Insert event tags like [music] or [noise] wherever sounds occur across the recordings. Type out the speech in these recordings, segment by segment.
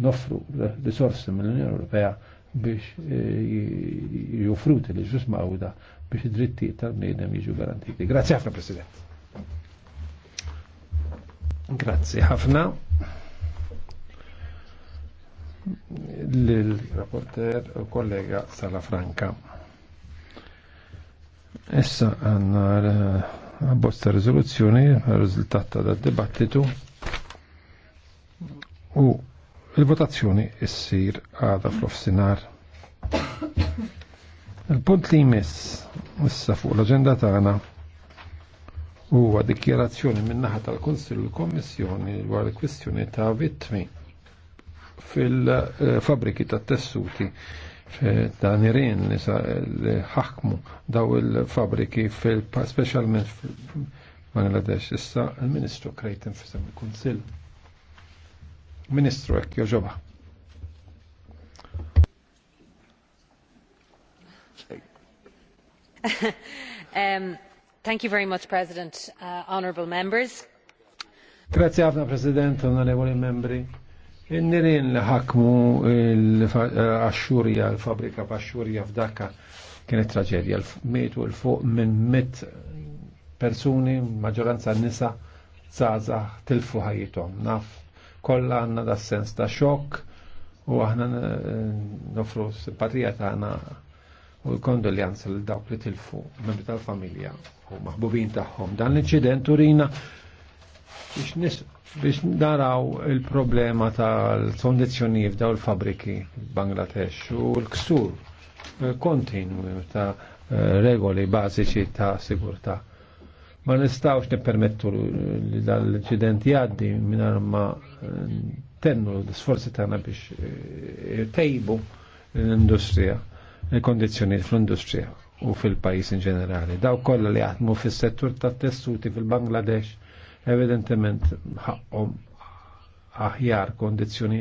noffru risorsi mill-Unjoni Ewropea biex eh, jufruti li ġus mawda biex id-dritti tal-bnidem jiġu garantiti. Grazie ħafna, President. Grazie ħafna. lill rapporter u kollega Sala Franca. Essa għanna bozza rizoluzzjoni, rizultat ta' dibattitu u Il-votazzjoni issir għada fl offsinar Il-punt li jmiss issa fuq l-agenda tagħna huwa dikjerazzjoni min-naħa tal-Kunsill l-Kommissjoni dwar il-kwistjoni ta' vittmi fil-fabriki ta' tessuti ta' nirin li ħakmu daw il-fabriki fil-specialment fil-Bangladesh. Issa il-Ministru Krejten infisem il-Kunsill. Ministru ek joġoba. [laughs] um, thank you very much, President, uh, honorable members. Grazie għafna, President, onorevoli membri. Nirin li ħakmu l-axxurja, l-fabrika uh, b'axxurja f'Dakka kienet traġedja. Mietu l-fuq minn mit persuni, maġġoranza nisa, zaza, tilfu ħajjithom. Naf kollha għandna da sens ta' xokk u aħna nofru simpatija għana u l-kondoljanza l dawk li tilfu membri tal-familja u maħbubin tagħhom. Dan l-inċident urina biex biex naraw il-problema tal-kondizjoni f'daw l fabriki Bangladesh u l-ksur eh, kontinu ta' eh, regoli bażiċi ta' sigurta' Ma nistawx nippermettu li dal-incident jaddi minn ma eh, tennu l-sforzi tana biex eh, tejbu l-industrija, l kondizjoni fl-industrija u fil-pajis in ġenerali. Daw kollha li jaħdmu fis-settur tat-tessuti fil-Bangladesh evidentement ħakom aħjar,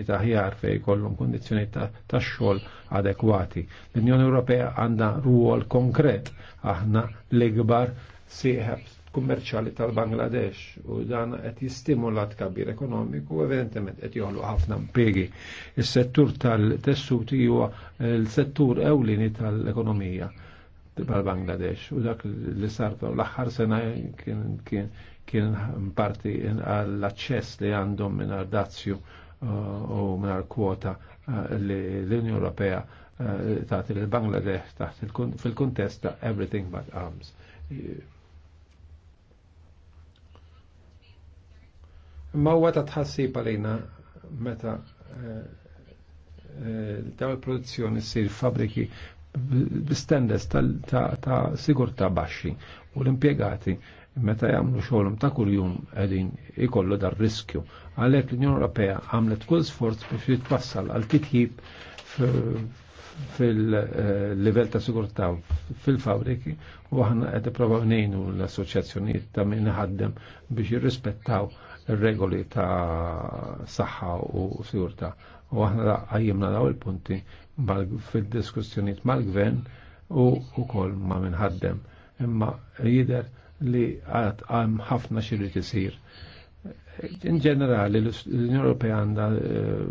ta' aħjar fej kollum kondizjoni ta', xol xogħol adekwati. L-Unjoni Ewropea għandha ruol konkret aħna l-ikbar siħabs kummerċali tal-Bangladesh u dan qed jistimula tkabbir ekonomiku u evidentement qed joħlu ħafna impjegi. Is-settur tal-tessuti huwa l-settur ewlieni tal-ekonomija tal-Bangladesh u dak li sar l-aħħar sena kien kien kien parti l-aċċess li għandhom minn dazzju uh, u minn kwota uh, li l-Unjoni Ewropea uh, taħt il-Bangladesh taħt fil-kontest ta' everything but arms. Ma huwa ta' tħassib għalina meta eh, eh, daw il-produzzjoni sir fabriki standards ta' sigurta baxxi u l-impjegati meta jagħmlu xogħolhom ta' kuljum qegħdin ikollu dar riskju. Għalhekk l-Unjoni Ewropea għamlet kull sforz biex jitwassal għal titjib fil-livell eh, ta' sigurtà fil-fabriki u aħna qed provaw ngħinu l-assoċjazzjonijiet ta' min ħaddem biex jirrispettaw regoli ta' saħħa u sigurta. U aħna għajjimna daw il-punti fil-diskussjoniet mal-gvern u ukoll ma' minħaddem. Imma jider li għad għam ħafna xirrit isir. In ġenerali, l-Unjoni Ewropea għandha eh,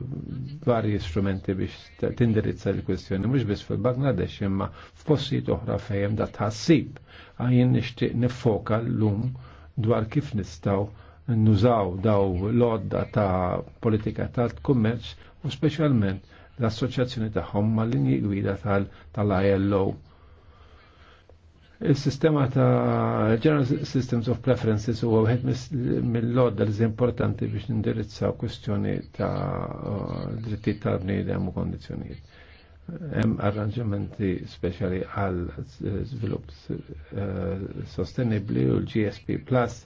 varji strumenti biex tindirizza l-kwestjoni, mhux biss fil-Bangladesh, imma f'postijiet oħra fejn da tħassib. Għajin nixtieq nifoka l-lum dwar kif nistgħu nużaw daw l-odda ta' politika tal-kummerċ u specialment l-assoċjazzjoni ta' homma l linji gwida tal-ILO. Il-sistema ta' General Systems of Preferences huwa wieħed mill-lodda li importanti biex nindirizzaw kwestjoni ta' drittijiet tal-bniedem u kondizzjonijiet hemm arranġamenti speċjali għal żvilupp eh, sostenibbli u l-GSP Plus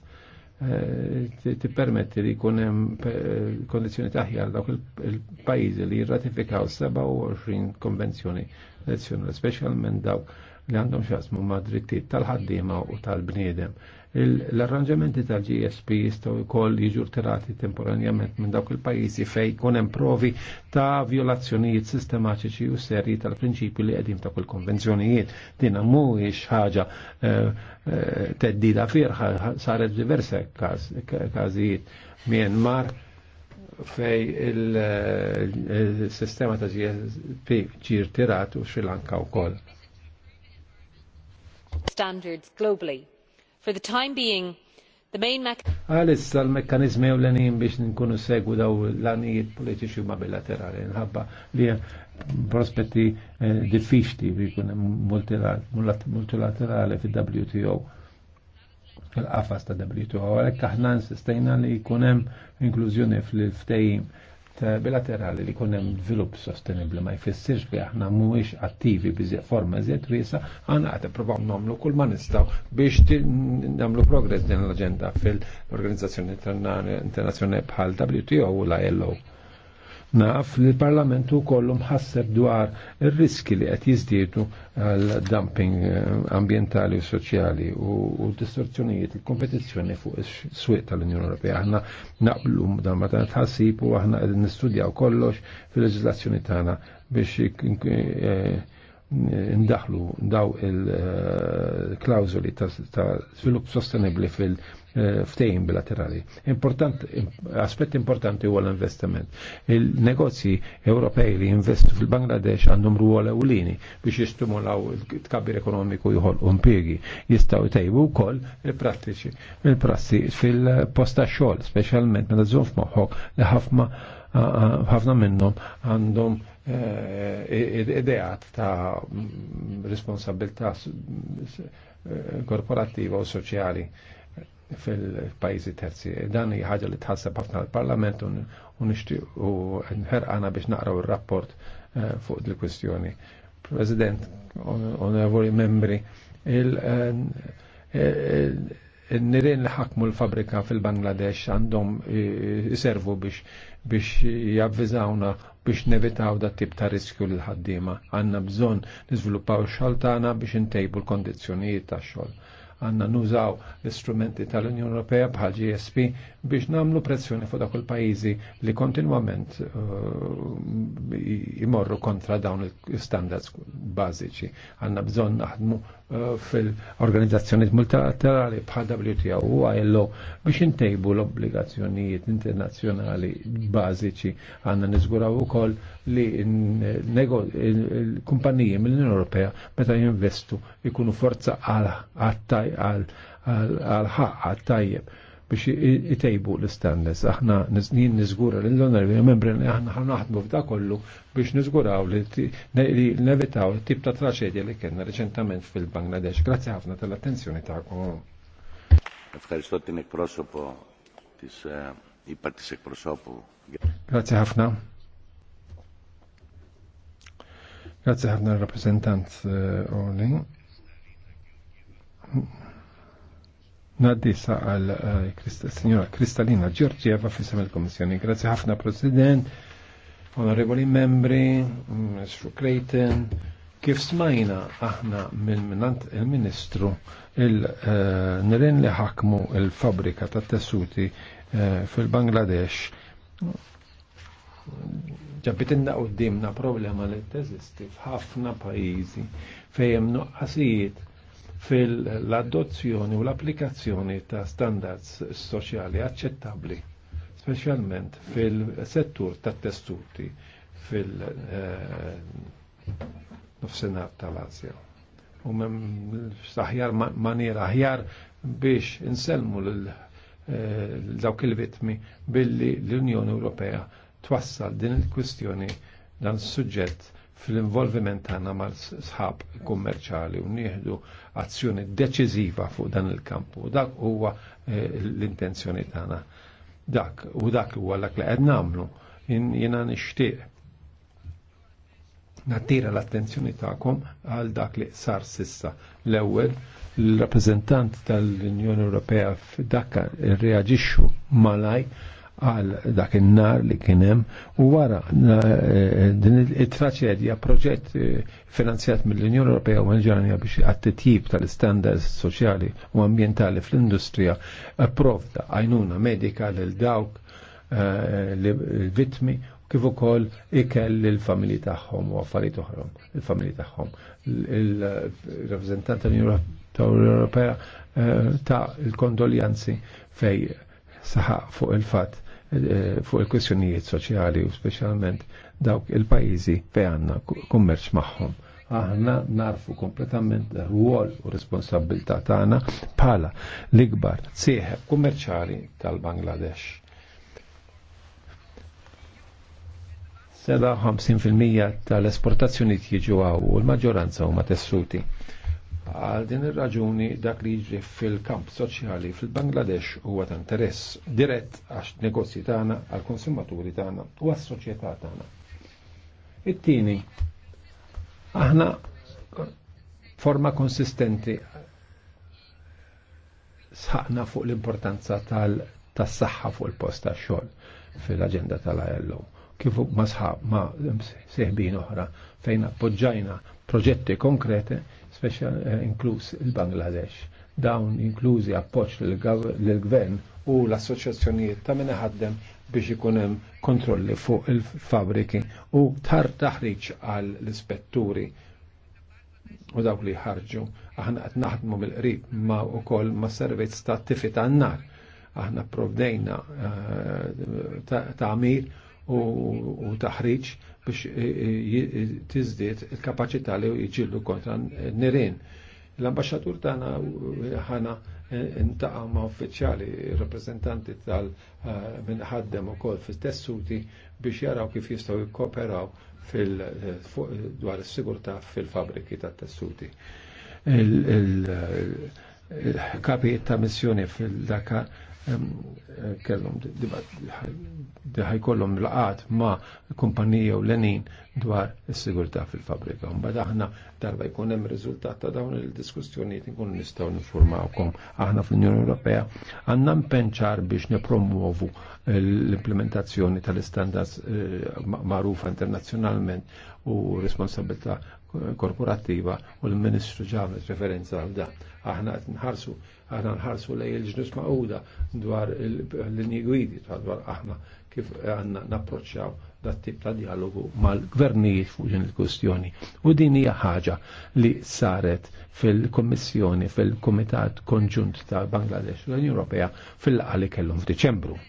Eh, ti permetti li jkun hemm eh, kondizzjoni taħjar dawk il-pajjiżi li jirratifikaw 27 konvenzjoni nazzjonali, specialment dawk li għandhom x'asmu ma' drittijiet tal-ħaddiema u tal-bniedem. L-arranġamenti tal-GSP jistgħu wkoll jiġu tirati temporanjament minn dawk il-pajjiżi fejn jkun hemm provi ta' violazzjonijiet sistematiċi u serji tal-prinċipju li qegħdin ta' kull konvenzjonijiet. Din mhuwiex ħaġa teddida firħa saret diversi każijiet. Myanmar fej il-sistema ta' GSP ġir tirat u Sri Lanka u koll standards globally. For the time being, the main mechanism l-mekkanizmi biex nkunu segwu daw l-għanijiet politiċi ma bilaterali, nħabba li prospetti eh, diffiċti kun multilaterali fil-WTO il-qafas ta' WTO, għalek aħna nsistajna li jkunem inklużjoni fl ftejim bilaterali li kunem develop sostenibli ma jfessirx li aħna mhuwiex attivi biżjed forma żied wiesa, aħna qed ippruvaw nagħmlu kull ma nistgħu biex nagħmlu progress din l-aġenda fil-organizzazzjoni internazzjonali bħal WTO u la ILO. Naf li l-Parlamentu kollu mħasser dwar ir-riski li qed jiżdiedu għal dumping eh, ambientali u soċjali u distorzjonijiet il-kompetizzjoni fuq is-swieq tal-Unjoni Ewropea. Aħna naqblu dan meta tħassib u aħna qed nistudjaw kollox fil-leġiżlazzjoni tagħna biex eh, ndaħlu daw il-klawzuli eh, ta' svilup sostenibli fil- Eh, ftejn bilaterali. Important, aspett importanti huwa l-investiment. Il-negozji Ewropej li investu fil-Bangladesh għandhom ruol ewlini biex jistimulaw il-tkabbir ekonomiku jħol impjegi. Jistgħu tejbu wkoll il-prattiċi, il-prassi fil-posta xogħol, specialment meta zon f'moħħok li ħafna ħafna minnhom għandhom eh, ideat ta' mm, responsabilità eh, korporattiva u soċjali fil-pajzi terzi. Dan hija ħaġa li tħasseb ħafna l-Parlament u nixtieq u nħerqana biex naqraw ir-rapport eh, fuq il-kwistjoni. President, onorevoli membri, il-nirin eh, eh, li ħakmu l-fabrika fil-Bangladesh għandhom iservu biex biex javvizawna biex nevitaw da tip ta' riskju l ħaddiema Għanna bżon nizviluppaw xoltana biex intejbu l-kondizjonijiet ta' xol għanna nużaw l-istrumenti tal-Unjoni Ewropea bħal GSP biex namlu pressjoni fuq dak il-pajjiżi li kontinwament uh, imorru kontra dawn il-standards bażiċi. Għanna bżonn naħdmu Eh, fil-organizzazzjoniet multilaterali bħal WTO u ILO biex intejbu l-obbligazzjonijiet internazzjonali bażiċi għandna niżguraw ukoll li l-kumpaniji mill-Unjoni Ewropea meta jinvestu jkunu forza għal ħaq għal tajjeb biex jitejbu l-standards. Aħna niznin nizgura l-onorvi membri aħna ħan naħdmu f'da kollu biex nizguraw li nevitaw tip ta' traċedja li kena reċentament fil-Bangladesh. Grazie ħafna tal-attenzjoni ta' kom. Ευχαριστώ την εκπρόσωπο της, Grazie ħafna. Grazie ħafna rappresentant uh, Naddisa għal eh, signora Kristalina Giorgieva fissam il-Komissjoni. Grazie ħafna President, onorevoli membri, Mr. Creighton, kif smajna aħna mill-minant il-Ministru il-nirin eh, li ħakmu il-fabrika ta' tessuti eh, fil-Bangladesh ġabitinna u problema li teżisti f'ħafna pajizi fejem nuqqasijiet fil-adozzjoni u l-applikazzjoni ta' standards soċjali aċċettabbli, specialment fil-settur tat testuti fil-nofsenar eh, tal-Azja. U mem saħjar maniera ħjar biex inselmu l-dawk eh, il-vitmi billi l-Unjoni Ewropea twassal din il-kwistjoni dan suġġett fil-involviment tagħna mal-sħab kummerċali u nieħdu azzjoni deċiżiva fuq dan il-kamp u dak huwa eh, l-intenzjoni tagħna. Dak u dak huwa dak li qed nagħmlu jiena nixtieq nattira l-attenzjoni tagħkom għal dak li sar sissa. L-ewwel l-rappreżentant tal-Unjoni Ewropea f'Dakka reaġixxu malaj għal dak in-nar li kien hemm u wara eh, din it-traċedja proġett eh, finanzjat mill unjon Ewropea u Ġanja biex għat tal-istandards soċjali u ambjentali fl-industrija approvda għajnuna medika lil dawk eh, l-vitmi kif ukoll ikel il-familji tagħhom u affarijiet oħrom, il-familji tagħhom. Il-rappreżentant tal unjon Ewropea ta' il-kondoljanzi fej saħaq fuq il-fat Eh, fuq il-kwestjonijiet soċjali u speċjalment dawk il-pajjiżi fejn għandna kummerċ magħhom. Aħna narfu kompletament ruol u responsabilità tagħna bħala l-ikbar sieħeb kummerċjali tal-Bangladesh. Seda 50% tal-esportazzjoni jiġu għaw u l-maġġoranza huma tessuti. Għal din ir-raġuni dak li jiġri fil-kamp soċjali fil-Bangladesh huwa ta' interess dirett għax negozji tagħna, għal konsumaturi tagħna u għas-soċjetà tagħna. It-tieni, aħna forma konsistenti sħaqna fuq l-importanza tal-saħħa fuq il-post tax-xogħol fil-aġenda tal-ILO. Kifu ma sħab ma seħbin oħra fejn appoġġajna proġetti konkrete, uh, eh, inkluż il-Bangladesh. Dawn inklużi appoġġ lill-gvern u l-assoċjazzjonijiet ta' minn ħaddem biex ikun hemm kontrolli fuq il-fabriki u tar taħriġ għal l-ispetturi u dawk li ħarġu. Aħna qed naħdmu mill-qrib ma wkoll ma' servizz ta' tifi tan-nar. Aħna provdejna eh, ta' tagħmir u taħriġ biex tizdiet il-kapacità li jġillu kontra n-nirin. l ambasġatur tagħna ħana intaqa' ma' uffiċjali rappresentanti tal minn ħaddem ukoll fil tessuti biex jaraw kif jistgħu jikkooperaw dwar is-sigurtà fil-fabriki tat-tessuti il-kapijiet ta' missjoni fil-Dakar Eh, kellhom ħajkollhom laqat ma' kumpanija u l-enin dwar is-sigurtà fil-fabrika. Mbagħad aħna darba jkun hemm riżultat ta' dawn il-diskussjonijiet inkunu nistgħu nifurmawkom. Aħna fl-Unjoni Ewropea għandna mpenċar biex nipromuovu l-implementazzjoni tal-istandards eh, magħrufa internazzjonalment u responsabilità korporattiva u l-Ministru ġamet referenza għal da. Aħna nħarsu, aħna nħarsu lej il-ġnus maquda dwar l-linji gwidi dwar aħna kif għanna napproċċaw dat tip ta' dialogu mal-gvernijiet fuq din il-kustjoni. U din hija ħaġa li saret fil-Kommissjoni, fil-Komitat Konġunt ta' Bangladesh u l-Unjoni Ewropea fil-qali kellhom f'Diċembru.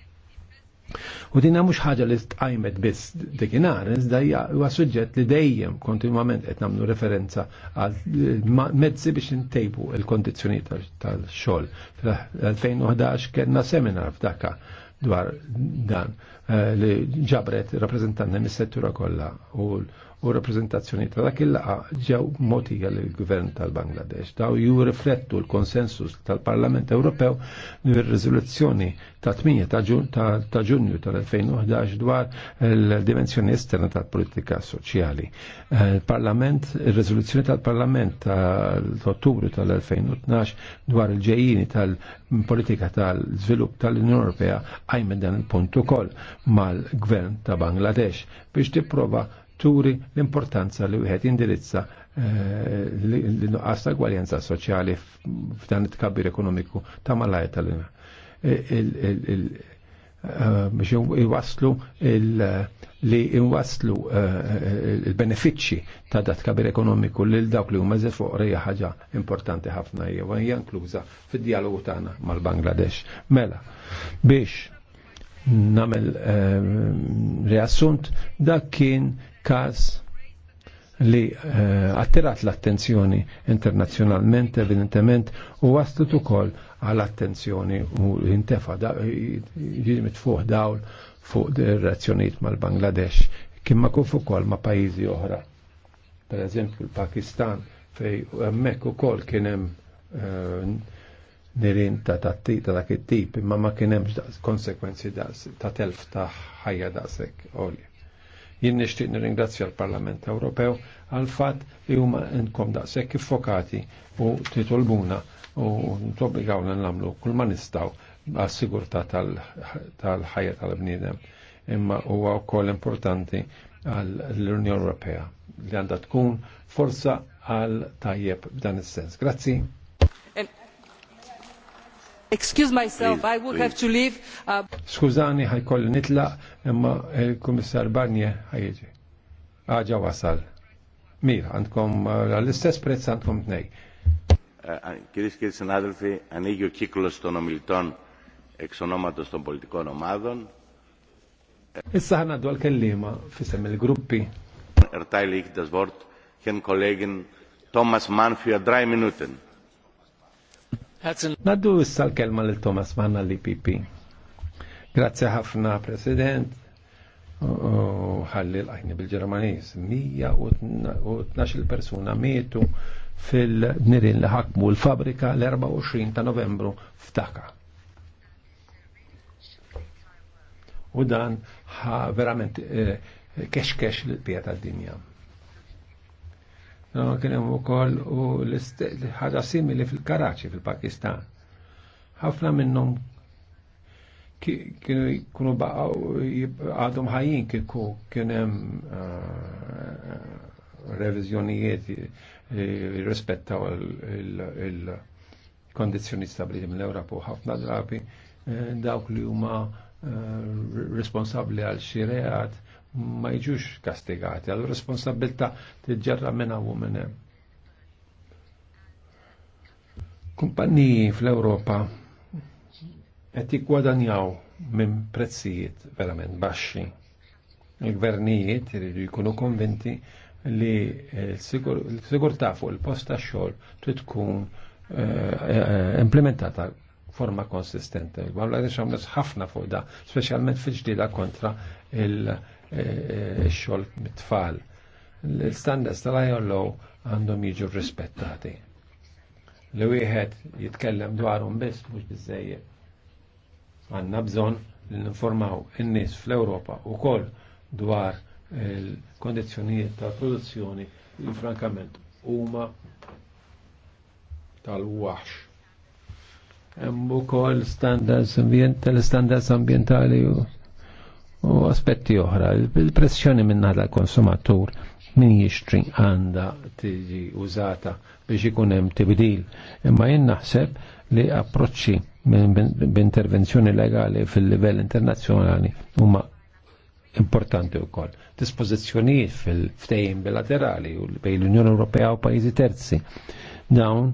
U dinna mhux ħaġa li tqajmet biss dikinar, iżda huwa suġġett li dejjem kontinwament qed nagħmlu referenza għal mezzi biex intejbu l-kondizzjoni tal-xogħol. Fl-2011 kellna seminar f'dakka dwar dan eh, li ġabret rappresentanti mis-settura kollha u u rappresentazzjoni ta' dak il-laqa ġew moti għall gvern tal-Bangladesh. Daw ju riflettu l-konsensus tal-Parlament Ewropew nir-riżoluzzjoni ta' 8 ta' ġunju tal-2011 dwar l-dimensjoni esterna tal-politika soċjali. Eh, Il-Parlament, il-riżoluzzjoni tal-Parlament tal-Ottubru tal-2012 dwar il-ġejjini tal-politika tal-żvilupp tal-Unjoni Ewropea għajmen dan il-punt ukoll mal-gvern ta' Bangladesh biex tipprova turi l-importanza li wieħed indirizza eh, l-nuqqas ta' gwaljenza soċjali f'dan it-kabbir ekonomiku ta' malaj tal e, eh, biex iwaslu li iwaslu eh, il-benefiċċi ta' dat kabir ekonomiku lil dawk li huma eżel fuq hija ħaġa importanti ħafna hija hija inkluża fid-dialogu tagħna mal-Bangladesh. Mela, biex nagħmel reassunt dak kien kas li uh, attirat l-attenzjoni internazzjonalment evidentement u waslet ukoll għall attenzjoni u intefa jimit fuq dawl fuq razzjoniet mal-Bangladesh kimma fuq ukoll ma' pajjiżi oħra. Per eżempju l-Pakistan fej hemmhekk ukoll kien hemm uh, eh, nirin ta' tatti ta' dak it-tip imma ma kien hemmx konsekwenzi ta' telf ta' ħajja daqshekk olja. Jien nixtieq nirringrazzja l-Parlament Ewropew għal fatt li huma nkom daqshekk kifokati u titolbuna u n nagħmlu kull ma nistgħu għas-sigurtà tal-ħajja tal-bniedem. Imma huwa wkoll importanti għal l-Unjoni Ewropea li għandha tkun forza għal tajjeb b'dan is-sens. Grazzi. Excuse myself, I will have to leave. Uh, Skużani koll nitla, imma il-Kummissar Barnier ħajġi. Għaġa wasal. Mir, għandkom uh, l-istess prezz għandkom tnej. Uh, Κυρίες και κύριοι συνάδελφοι, ανοίγει ο κύκλος των ομιλητών εξ ονόματος των πολιτικών ομάδων. Issa ħana dwar kellima fissem il-gruppi. Ertajli ikdas vort kien kollegin Thomas Mann für drei Minuten. Naddu issa l-kelma lil Thomas Manna l-IPP. Grazie ħafna, President. Ħalli l-għajni bil-Ġermanis. 112 persuna mietu fil-nirin li ħakmu l-fabrika l-24 ta' novembru f'Taka. U dan verament eh, kexkex l-pieta d-dinja kien hemm ukoll u ħaġa simili fil-Karaċi fil-Pakistan. Ħafna minnhom kienu jkunu baqgħu għadhom ħajjin kieku kien hemm eh, reviżjonijiet eh, jirrispettaw il-kondizzjoni stabiliti mill-Ewropa u ħafna drabi eh, dawk li huma responsabbli għal xi reat ma jiġux kastigati, għal responsabilta tiġġarra minna u minna. Kumpanniji fl-Europa qed jikwadanjaw minn prezzijiet verament baxxi. Il-gvernijiet iridu jkunu konvinti li l-sigurtà fuq il posta xol xogħol trid tkun eh, eh, eh, implementata forma konsistenti. Bħalla għamlet ħafna fuq da, specialment fil-ġdida kontra il- E, e, xogħol mit-tfal. L-standards tal law għandhom jiġu rispettati. Li wieħed jitkellem dwarhom biss mhux biżejjed. Għandna bżonn li ninformaw in-nies fl-Ewropa wkoll dwar il-kondizzjonijiet ta' produzzjoni li frankament huma tal-waħx. Hemm ukoll standards tal-standards ambjentali u u aspetti oħra. Il-pressjoni minna l konsumatur min jixtri għanda tiġi użata biex ikun hemm tibdil. Imma jien naħseb li approċċi b'intervenzjoni legali fil-livell internazzjonali huma importanti wkoll. Dispożizzjonijiet fil-ftejn bilaterali u bejn l-Unjoni Ewropea u pajjiżi terzi. Dawn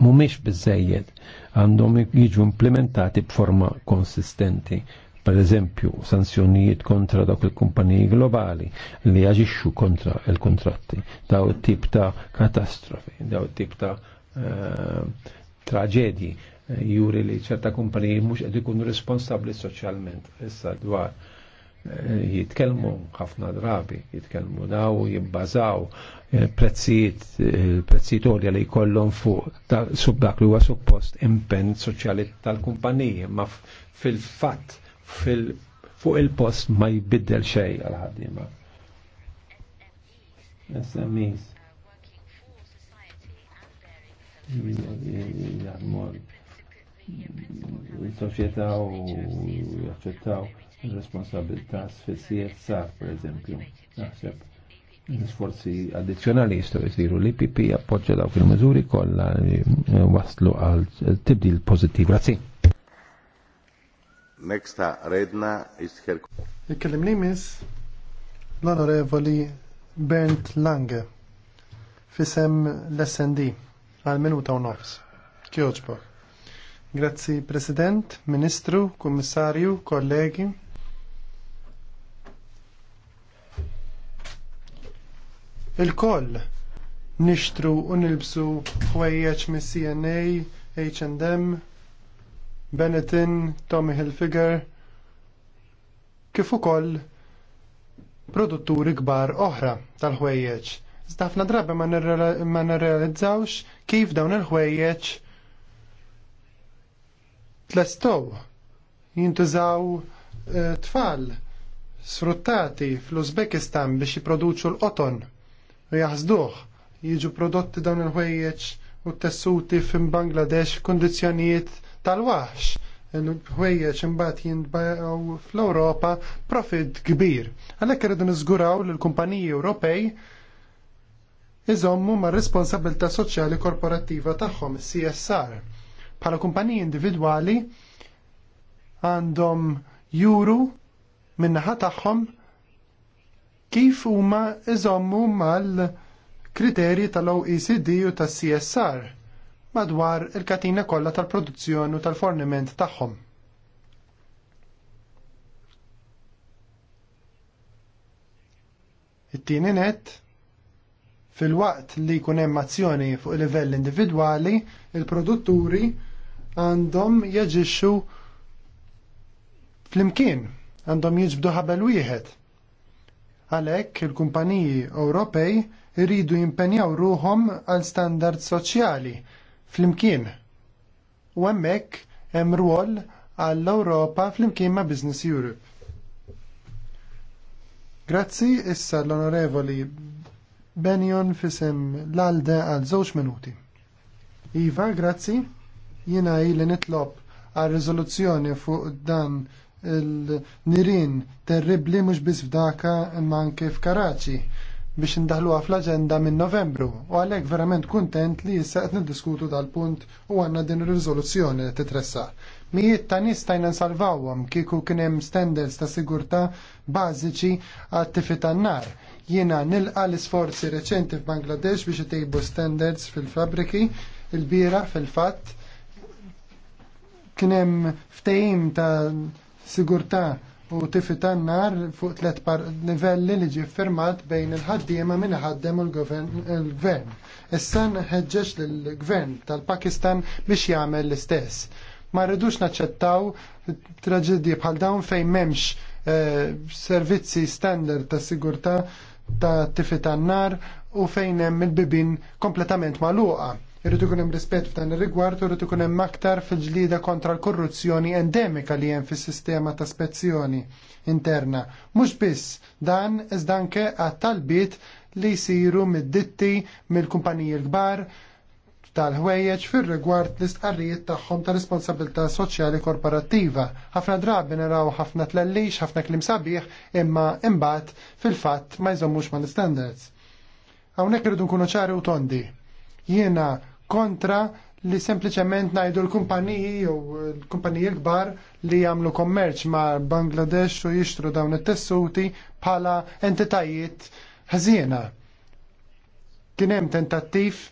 mhumiex biżejjed għandhom jiġu implementati b'forma konsistenti per eżempju sanzjonijiet kontra dawk il-kumpaniji globali li jaġixxu kontra il-kontratti, daw it-tip ta' katastrofi, daw it-tip ta' eh, traġedji eh, juri li ċerta kumpaniji mhux qed ikunu responsabbli soċjalment issa dwar eh, jitkellmu ħafna drabi, jitkellmu daw jibbażaw prezzijiet prezzijiet olja li jkollhom fuq dak li huwa suppost impenn soċjali tal-kumpaniji ma fil-fatt fuq il-post ma jibiddel xej għal-ħaddima. SMEs. Jgħadmor il-soċieta u jaċċettaw il-responsabilità s-fissijiet per eżempju. Naħseb l-sforzi addizjonali jistaw jisiru li PP appoġġa daw fil mizuri kolla waslu għal tibdil pozittiv. Grazie. Nexta redna isħer. Ikkellim miss l-onorevoli Bernd Lange fisem l-SND għal minuta u nofs. Kjoġbok. Grazzi President, Ministru, Kommissarju, kollegi. Il-koll nixtru u nilbsu ħwejjeġ mis-CNA, H&M, Benetton, Tommy Hilfiger, kif ukoll produtturi kbar oħra tal-ħwejjeġ. Iżda ħafna drabi ma nirrealizzawx kif dawn il-ħwejjeġ tlestow jintużaw eh, tfal sfruttati fl-Uzbekistan biex jiproduċu l-qoton u jaħsduh jiġu prodotti dawn il-ħwejjeġ u tessuti fin Bangladesh f'kundizzjonijiet tal wax il-ħwejjeġ imbagħad jintbagħu fl-Ewropa profit kbir. Għalhekk irridu niżguraw li l-kumpaniji Ewropej iżommu mar responsabilta soċjali korporattiva tagħhom, CSR. Bħala kumpaniji individwali għandhom juru min-naħa tagħhom kif huma iżommu mal-kriterji tal-OECD u tas-CSR madwar il-katina kollha tal-produzzjoni u tal-forniment tagħhom. It-tieni net fil-waqt li jkun hemm azzjoni fuq livell individwali, il-produtturi għandhom jaġixxu fl-imkien, għandhom jiġbdu ħabel wieħed. Għalhekk il-kumpaniji Ewropej iridu jimpenjaw ruhom għal standard soċjali flimkien. U hemmhekk hemm rwol għall-Ewropa flimkien ma' Business Europe. Grazzi issa l-Onorevoli Benjon fisem l-alde għal żewġ minuti. Iva, grazzi, jiena li nitlob għal riżoluzzjoni fuq dan il-nirin terribli mhux biss f'daka imma anke f'Karaċi biex indaħluha fl-aġenda minn Novembru u għalhekk verament kuntent li issa qed niddiskutu dal-punt u għandna din ir-riżoluzzjoni li titressaq. Mijiet ta' nistajna tajna nsalvawhom kieku kien hemm standards ta' sigurtà bażiċi għat-tifi nar Jiena nilqa l-isforzi reċenti f'Bangladesh biex itejbu standards fil-fabriki il-bira fil-fatt kien hemm ta' sigurtà u tifi tannar fuq tlet livelli li ġi firmat bejn il-ħaddiema minn ħaddem u l-gvern. Issa nħeġġeġ l-gvern tal-Pakistan biex jagħmel l-istess. Ma rridux naċċettaw traġedji bħal dawn fejn memx eh, servizzi standard ta' sigurta ta' tifi tannar u fejn hemm il-bibin kompletament maluqa Irrid ikun hemm rispett f'dan ir-rigward u rrid ikun hemm aktar fil-ġlida kontra l-korruzzjoni endemika li hemm fis-sistema ta' spezzjoni interna. Mhux biss dan iżda anke għat-talbiet li jsiru mid-ditti mill-kumpaniji l-kbar tal-ħwejjeġ fir-rigward l-istqarrijiet tagħhom ta' responsabilità soċjali korporattiva. Ħafna drabi naraw ħafna tlellix, ħafna klim sabiħ, imma imbagħad fil-fatt ma jżommux mal-standards. Hawnhekk irridu nkunu ċari u tondi. Jiena kontra li sempliċement najdu l-kumpaniji jew l-kumpaniji l-kbar li jagħmlu kommerċ ma' Bangladesh u jixtru dawn it-tessuti bħala entitajiet ħażiena. Kien hemm tentattiv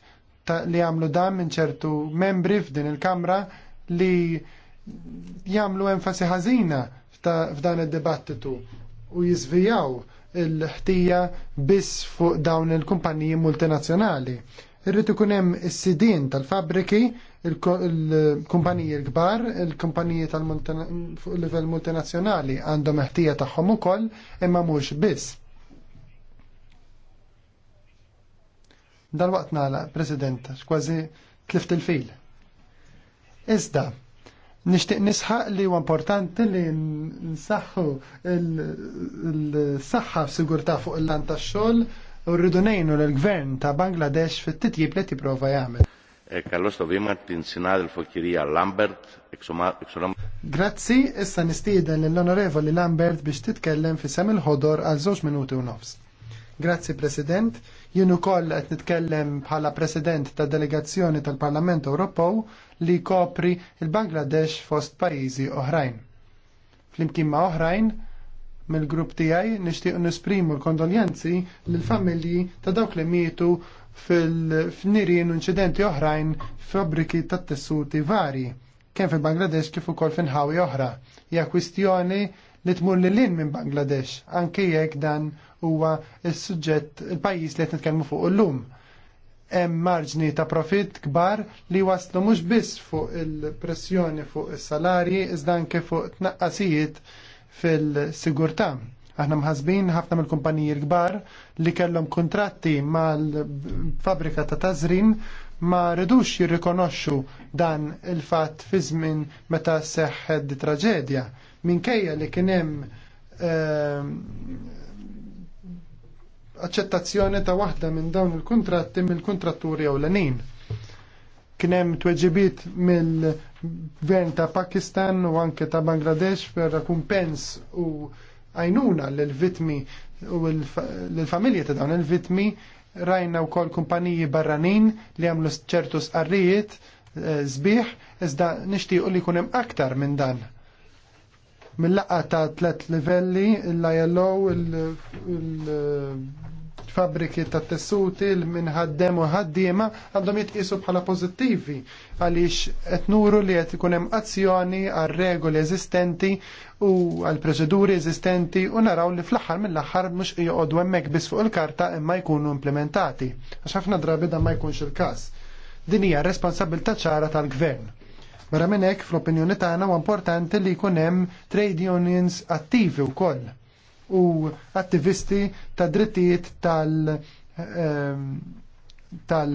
li jagħmlu dan minn ċertu membri f'din il-Kamra li jagħmlu enfasi ħażina f'dan id-dibattitu u jiżvijaw il-ħtija biss fuq dawn il-kumpaniji multinazzjonali Irrid ikun hemm is-sidin tal-fabriki, il-kumpaniji l-kbar, il-kumpaniji tal fuq livell multinazzjonali għandhom meħtija tagħhom ukoll imma mhux biss. Dal-waqt nagħlaq, President, kważi tlift il-fil. Iżda, nishtiq nisħaq li huwa importanti li nsaħħu l-saħħa f'sigurtà fuq il-lan tax-xogħol u rridu ngħinu lill-gvern ta' Bangladesh fit-titjib li tipprova jagħmel. E Kallu sto bima tinsinad il-fokirija Lambert, Grazzi, issa nistieden l-onorevoli Lambert biex titkellem fi sem il-ħodor għal żewġ minuti u nofs. Grazzi President, jien ukoll qed nitkellem bħala President tad Delegazzjoni tal-Parlament Ewropew li kopri il-Bangladesh fost pajjiżi oħrajn. Flimkien ma' oħrajn, mill-grupp tiegħi nishtiq nisprimu l-kondoljenzi lill-familji ta' dawk li mietu fil-fnirien u inċidenti oħrajn fabriki ta' tessuti vari, kemm fil-Bangladesh kif ukoll f'inħawi oħra. Hija kwistjoni li tmur lil lin minn Bangladesh, anke jekk dan huwa s-suġġett il-pajjiż li qed nitkellmu fuq illum. Hemm marġni ta' profitt kbar li waslu mhux biss fuq il-pressjoni fuq is-salarji iżda anke fuq tnaqqasijiet fil-sigurtà. Aħna mħazbin ħafna mill-kumpaniji l-kbar li kellhom kontratti mal-fabrika ta' tażrin ma ridux jirrikonoxxu dan il-fatt fi żmien meta seħħed traġedja. Minkejja li kien hemm ehm, aċċettazzjoni ta' waħda minn dawn il-kontratti mill-kontratturi ewlenin kienem tweġibit mill-gvern ta' Pakistan u anke ta' Bangladesh per rakumpens u għajnuna l-vitmi u l-familja ta' dawn il-vitmi rajna u kol kumpaniji barranin li għamlu ċertu sqarrijiet eh, zbiħ, iżda u li kunem aktar minn dan. Mill-laqqa ta' tlet livelli, l-ILO, fabriki ta' tessuti l minħaddem u ħaddiema għandhom jitqisu bħala pożittivi għaliex qed nuru li qed ikun hemm azzjoni għal regoli eżistenti u għal proċeduri eżistenti u naraw li fl-aħħar mill-aħħar mhux joqogħdu hemmhekk biss fuq il-karta imma jkunu implementati għax ħafna drabi dan ma jkunx il-każ. Din hija responsabilità ċara tal-gvern. Mara minn hekk fl-opinjoni tagħna huwa importanti li jkun hemm trade unions attivi wkoll u attivisti ta' drittijiet tal- ehm, tal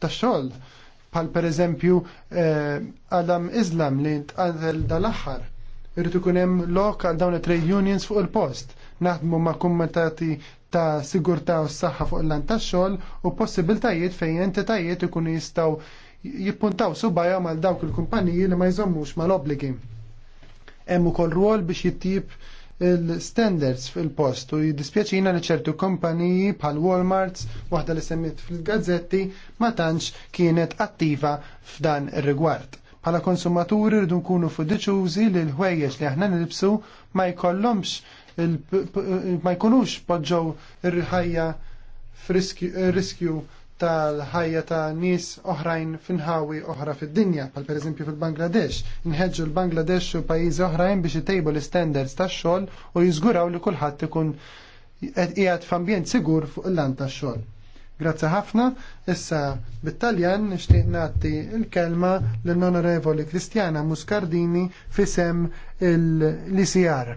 tax-xogħol bħal pereżempju eh, Adam Islam li tqatel dal-aħħar. Irrid ikun hemm lok għal dawn it-trade unions fuq il-post. Naħdmu ma' kummentati ta' sigurtà u s-saħħa fuq l-lan tax-xogħol u possibiltajiet fejn entitajiet ikun jistgħu jippuntaw subajja mal dawk il-kumpaniji li ma jżommux mal-obligi. Hemm ukoll rwol biex jittib il-standards fil-post u jiddispjaċina li ċertu kompaniji bħal Walmart, waħda li semmit fil-gazzetti, ma tantx kienet attiva f'dan ir-rigward. Bħala konsumaturi rridu nkunu fiduċużi li l-ħwejjeġ li aħna nilbsu ma jkollhomx ma jkunux poġġow ir-ħajja f'riskju tal-ħajja ta' nies oħrajn finħawi oħra fid-dinja, pal pereżempju fil-Bangladesh. Inħeġġu l-Bangladesh u pajjiżi oħrajn biex itejbu l-standards tax-xogħol u jiżguraw li kulħadd ikun qiegħed f'ambjent sigur fuq il-lan tax-xogħol. Grazzi ħafna, issa bit-Taljan nixtieq nagħti l-kelma lill-Onorevoli Kristjana Muscardini fisem l-ICR,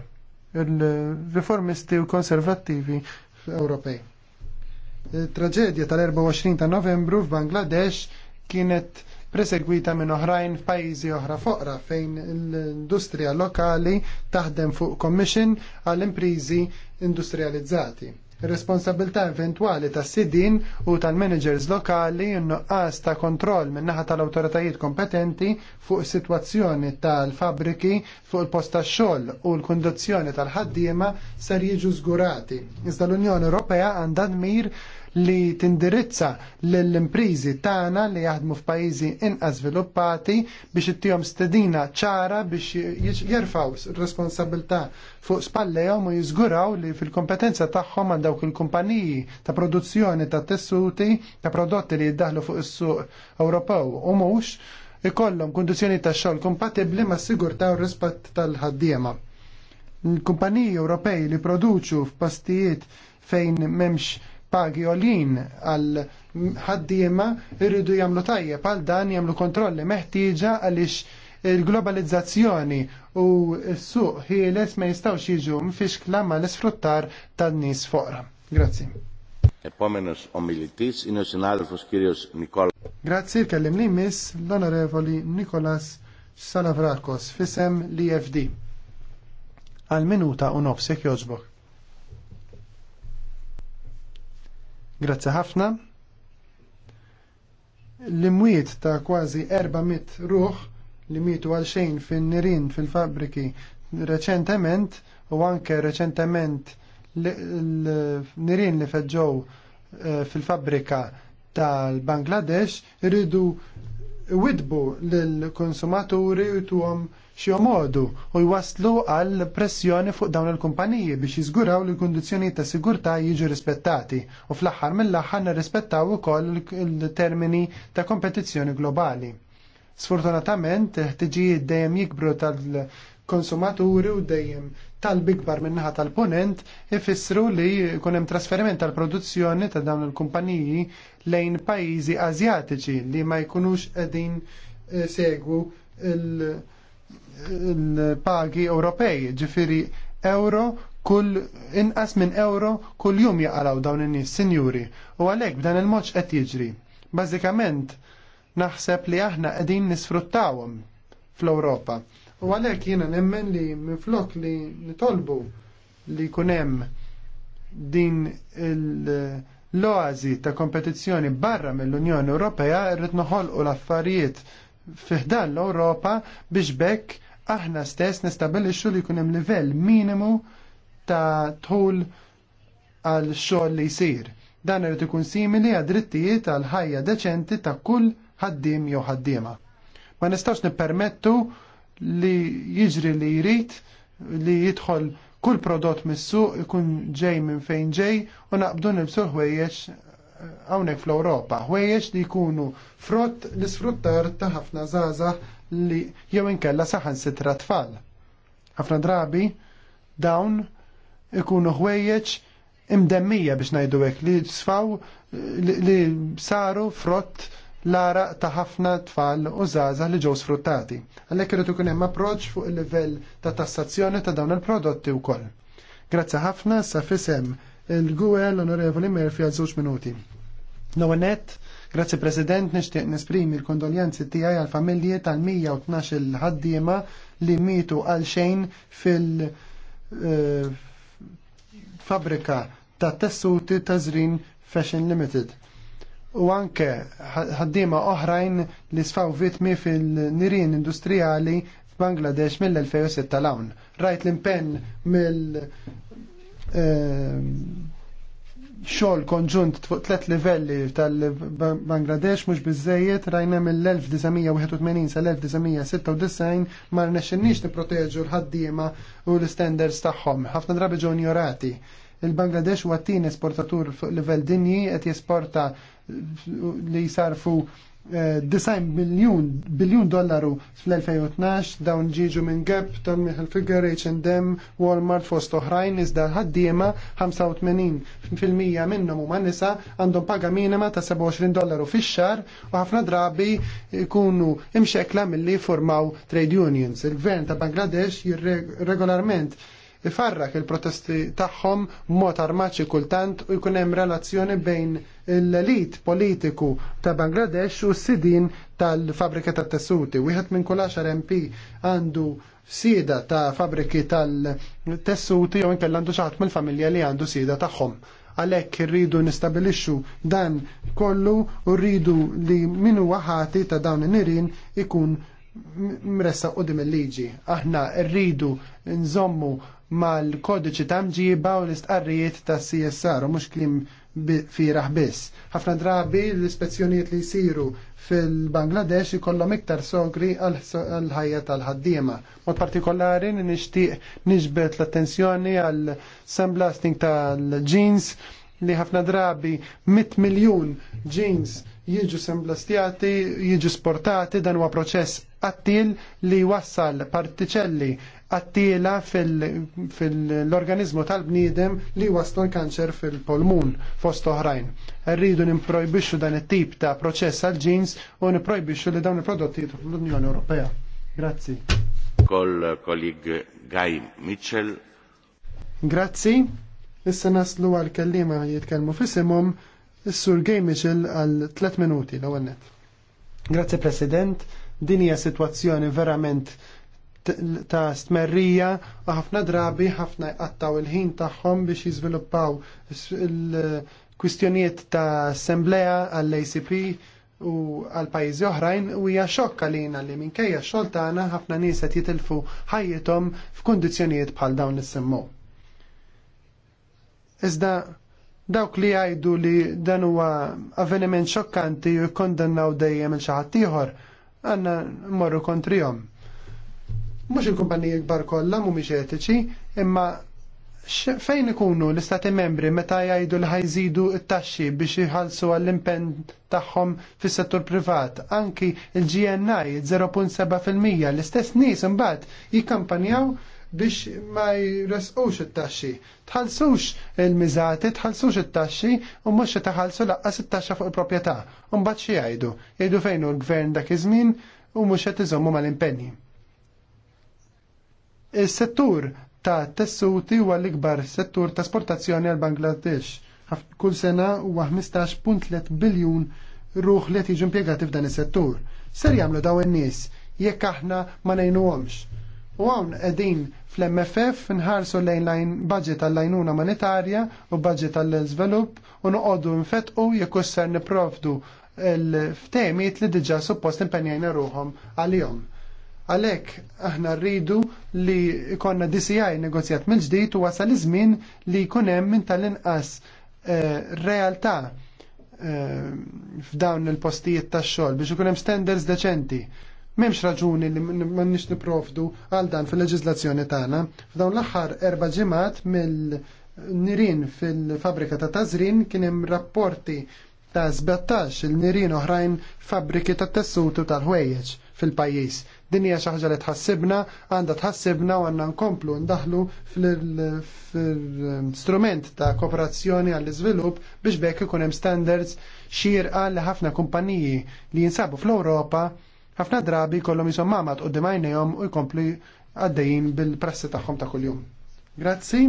il-Riformisti u Konservattivi Ewropej traġedja tal-24 ta' novembru f'Bangladesh kienet presegwita minn oħrajn f'pajjiżi oħra foqra fejn l-industrija lokali taħdem fuq commission għall imprizi industrializzati. responsabilità eventwali ta' sidin u tal-managers lokali n-nuqqas ta' kontroll minn naħa tal-awtoritajiet kompetenti fuq is-sitwazzjoni tal-fabriki fuq il-post xogħol u l-kondizzjoni tal-ħaddiema ser jiġu żgurati. Iżda l-Unjoni Ewropea għandha dmir li tindirizza l-imprizi tagħna li jaħdmu f'pajjiżi inqas sviluppati biex ittihom stedina ċara biex jirfaw responsabilità fuq spallejhom u jiżguraw li fil-kompetenza tagħhom għandaw il-kumpaniji ta' produzzjoni ta' tessuti ta' prodotti li jiddaħlu fuq is-suq Ewropew u mhux ikollhom kundizzjoni ta' xogħol kompatibbli ma' sigurtà u rispett tal-ħaddiema. Kumpaniji Ewropej li produċu f'pastijiet fejn memx pagi olin għal ħaddiema irridu jagħmlu tajjeb għal dan jagħmlu kontrolli meħtieġa għaliex il-globalizzazzjoni u s-suq ħieles ma jistgħux jiġu klamma l isfruttar tan-nies fora. Grazzi. Epomenos omilitis in osinadrofos kirjos Nikola. Grazzi, kellim li miss l-onorevoli Nikolas Salavrakos, fisem l-IFD. Għal minuta u obsek joġbok. Grazzi ħafna. L-imwiet ta' kważi 400 ruħ li mietu għal xejn fin-nirin fil-fabriki reċentement u anke reċentement l-nirin li feġġow eh, fil-fabrika tal-Bangladesh irridu widbu l-konsumaturi u tuhom xie modu u jwaslu għal pressjoni fuq dawn il-kumpaniji biex jiżguraw li l-kundizzjonijiet ta' sigurtà jiġu rispettati u fl-aħħar mill-aħħar nirrispettaw ukoll il-termini ta' kompetizzjoni globali. Sfortunatament, ħtiġijiet dejjem jikbru tal-konsumaturi u dejjem tal-bikbar minnaħa tal-ponent ifissru li kunem trasferiment tal-produzzjoni ta' dawn il-kumpaniji lejn pajizi azjatiċi li ma jkunux edin eh, segwu il- l-pagi Ewropej, ġifiri euro kull inqas minn euro kull jum jaqalaw dawn in-nies sinjuri. U għalhekk b'dan il moċ qed jiġri. Bażikament naħseb li aħna qegħdin nisfruttawhom fl-Ewropa. U għalhekk jiena nemmen li minflok li nitolbu li jkun hemm din l-oazi ta' kompetizzjoni barra mill-Unjoni Ewropea rrid noħolqu l-affarijiet fiħdan l-Ewropa biex bekk aħna stess nistabilixxu li jkun hemm livell minimu ta' tħul għal xogħol li jsir. Dan irid ikun simili għad drittijiet għal ħajja deċenti ta' kull ħaddiem jew ħaddiema. Ma nistax nippermettu li jiġri li jrid li jidħol kull prodott mis-suq ikun ġej minn fejn ġej u naqbdu nibsu ħwejjeġ eh, hawnhekk fl-Ewropa, ħwejjeġ li jkunu frott l-isfruttar ta' ħafna żgħażagħ li jew inkella saħan sitra tfal. Ħafna drabi dawn ikunu ħwejjeġ imdemmija biex ngħidu hekk li sfaw li saru frott lara ta' ħafna tfal u żgħażagħ li ġew sfruttati. Għalhekk irid ikun hemm approċċ fuq il-livell ta' tassazzjoni ta' dawn il-prodotti wkoll. Grazzi ħafna sa' fisem il l Onorevoli Murphy għal żewġ minuti. Nowenet, Grazzi President, nixtieq nisprimi l-kondoljanzi tiegħi għal familji tal-112 il-ħaddiema li mitu għal xejn fil- eh, fabrika ta' tessuti ta' Zrin Fashion Limited. U anke ħaddiema oħrajn li sfaw vitmi fil-nirien industrijali f'Bangladesh mill-2006 tal-awn. Rajt l-impenn mill- eh, xogħol konġunt fuq tliet livelli tal-Bangladesh mhux bizzejiet rajna mill-1981 sal-1996 ma rnexxinniex nipproteġu l-ħaddiema u l-standards tagħhom. Ħafna drabi ġew ignorati. Il-Bangladesh huwa tin esportatur fuq livell dinji qed jesporta li jsarfu 90 biljun dollaru fl-2012 dawn ġiġu minn Gap, Tom Hilfiger, H&M, Walmart fost oħrajn iżda ħaddiema 85% minnhom huma nisa għandhom paga minima ta' 27 dollaru fix-xar u ħafna drabi jkunu imxekla milli formaw trade unions. Il-gvern ta' Bangladesh jirregolarment -re ifarrak il-protesti tagħhom mod armaċi kultant u jkun hemm relazzjoni bejn l-elit politiku ta' Bangladesh u s-sidin tal-fabrika ta' tessuti. Wieħed minn kull 10 MP għandu sida ta' fabriki tal-tessuti jew inkella għandu xaħat mill-familja li għandu sida tagħhom għalek rridu nistabilixxu dan kollu u rridu li minu waħati ta' dawn in-nirin ikun mressa u il-liġi. Aħna rridu nżommu mal-kodiċi ta' mġiba u l-istqarrijiet ta' CSR u mux klim firaħ biss. ħafna drabi l-ispezzjonijiet li jisiru fil-Bangladesh ikollhom iktar sogri għal-ħajja tal-ħaddiema. Mod partikolari nixtieq niġbet l-attenzjoni għal sandblasting tal-jeans li ħafna drabi 100 miljun jeans jiġu semblastijati, jiġu sportati, dan huwa proċess qattil li wassal partiċelli għattila fil-organizmu tal-bniedem li waslu l-kanċer fil-polmun fost oħrajn. Rridu nimprojbixxu dan it-tip ta' proċess għal ġins u niprojbixxu li dawn il-prodotti fl-Unjoni Ewropea. Grazzi. Kol kolleg Guy Mitchell. Grazzi. Issa naslu għal kellima jitkellmu fissimum is-sur Gay Mitchell għal 3 minuti l-ewwel Grazzi President. Din hija sitwazzjoni verament ta' stmerrija u ħafna drabi ħafna jqattaw il-ħin tagħhom biex jiżviluppaw il-kwistjonijiet ta' assembleja għall-ACP u għal pajjiżi oħrajn u hija xokk għalina li minkejja x-xogħol tagħna ħafna nies qed jitilfu ħajjithom f'kundizzjonijiet bħal dawn is Iżda dawk li jgħidu li dan huwa avveniment xokkanti u jkondannaw dejjem il xi ħadd ieħor għandna mmorru kontrihom. Mhux il-kumpaniji kbar kollha mhumiex etiċi, imma fejn ikunu l-istati membri meta jgħidu li ħajżidu t-taxxi biex jħallsu għall-impenn tagħhom fis-settur privat. Anki il-GNI 0.7% l-istess nies imbagħad jikkampanjaw biex ma jresqux it-taxxi. Tħallsux il-miżati, tħallsux it-taxxi u mhux se taħallsu laqqas it-taxxa fuq il-proprjetà. mbagħad xi jgħidu? Jgħidu fejn hu l-gvern dak iż-żmien u mhux qed iżommu mal-impenji. Is-settur ta' tessuti huwa l-ikbar settur ta' esportazzjoni għal Bangladesh. Kull sena huwa 15.3 biljun ruħ li qed impjegati f'dan is-settur. Ser jagħmlu daw in-nies jekk aħna ma ngħinuhomx. U hawn qegħdin fl-MFF nħarsu lejn lajn budget għall-lajnuna monetarja u budget għall-żvilupp u noqogħdu nfetqu jekk ser niprovdu l-ftemiet li diġà suppost impenjajna ruhom għalihom. Għalhekk aħna rridu li jkollna DCI negozjat mill-ġdid u wasal iż-żmien li jkun hemm minn tal-inqas eh, realtà eh, f'dawn il-postijiet tax-xogħol biex ikun hemm standards deċenti. M'hemmx raġuni li nix niprofdu għal dan fil-leġiżlazzjoni tagħna. F'dawn l-aħħar erba' ġimgħat mill- nirin fil-fabrika ta' tazrin kien hemm rapporti ta' 17 il-nirin oħrajn fabriki ta' tessutu tal-ħwejjeġ fil-pajjiż. Din hija xi ħaġa li tħassibna, għandha tħassibna u għandna nkomplu ndaħlu fl-strument ta' kooperazzjoni għall iżvilupp biex bekk ikun hemm standards xierqa li ħafna kumpaniji li jinsabu fl-Ewropa ħafna drabi kollhom jisom mamat qudiem għajnejhom u jkomplu għaddejjin bil-prassi tagħhom ta' kuljum. Grazzi,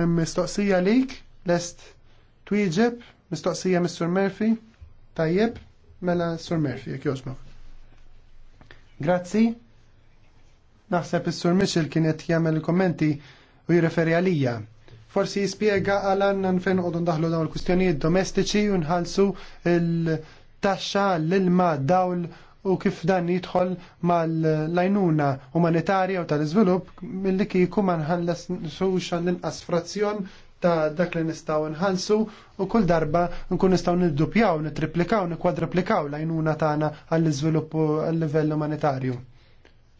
hemm mistoqsija lik, lest twieġeb, mistoqsija Mr. Murphy, tajjeb, mela Sir Murphy, jekk jogħġbok. Grazzi. Naħseb is-Sur Michel kien qed jagħmel kommenti u jirreferi għalija. Forsi jispjega għal għanna fejn għodun daħlu dawn il-kustjonijiet domestiċi u nħallsu il-taxxa l-ilma dawl u kif dan jidħol mal-lajnuna umanitarja u tal-izvilup mill-li kiku manħallas suxan inqas frazzjon ta' dak li nistgħu nħallsu u kull darba nkun nistgħu niddupjaw, nitriplikaw, nikwadraplikaw l-għajnuna tagħna għall izviluppu għall livell umanitarju.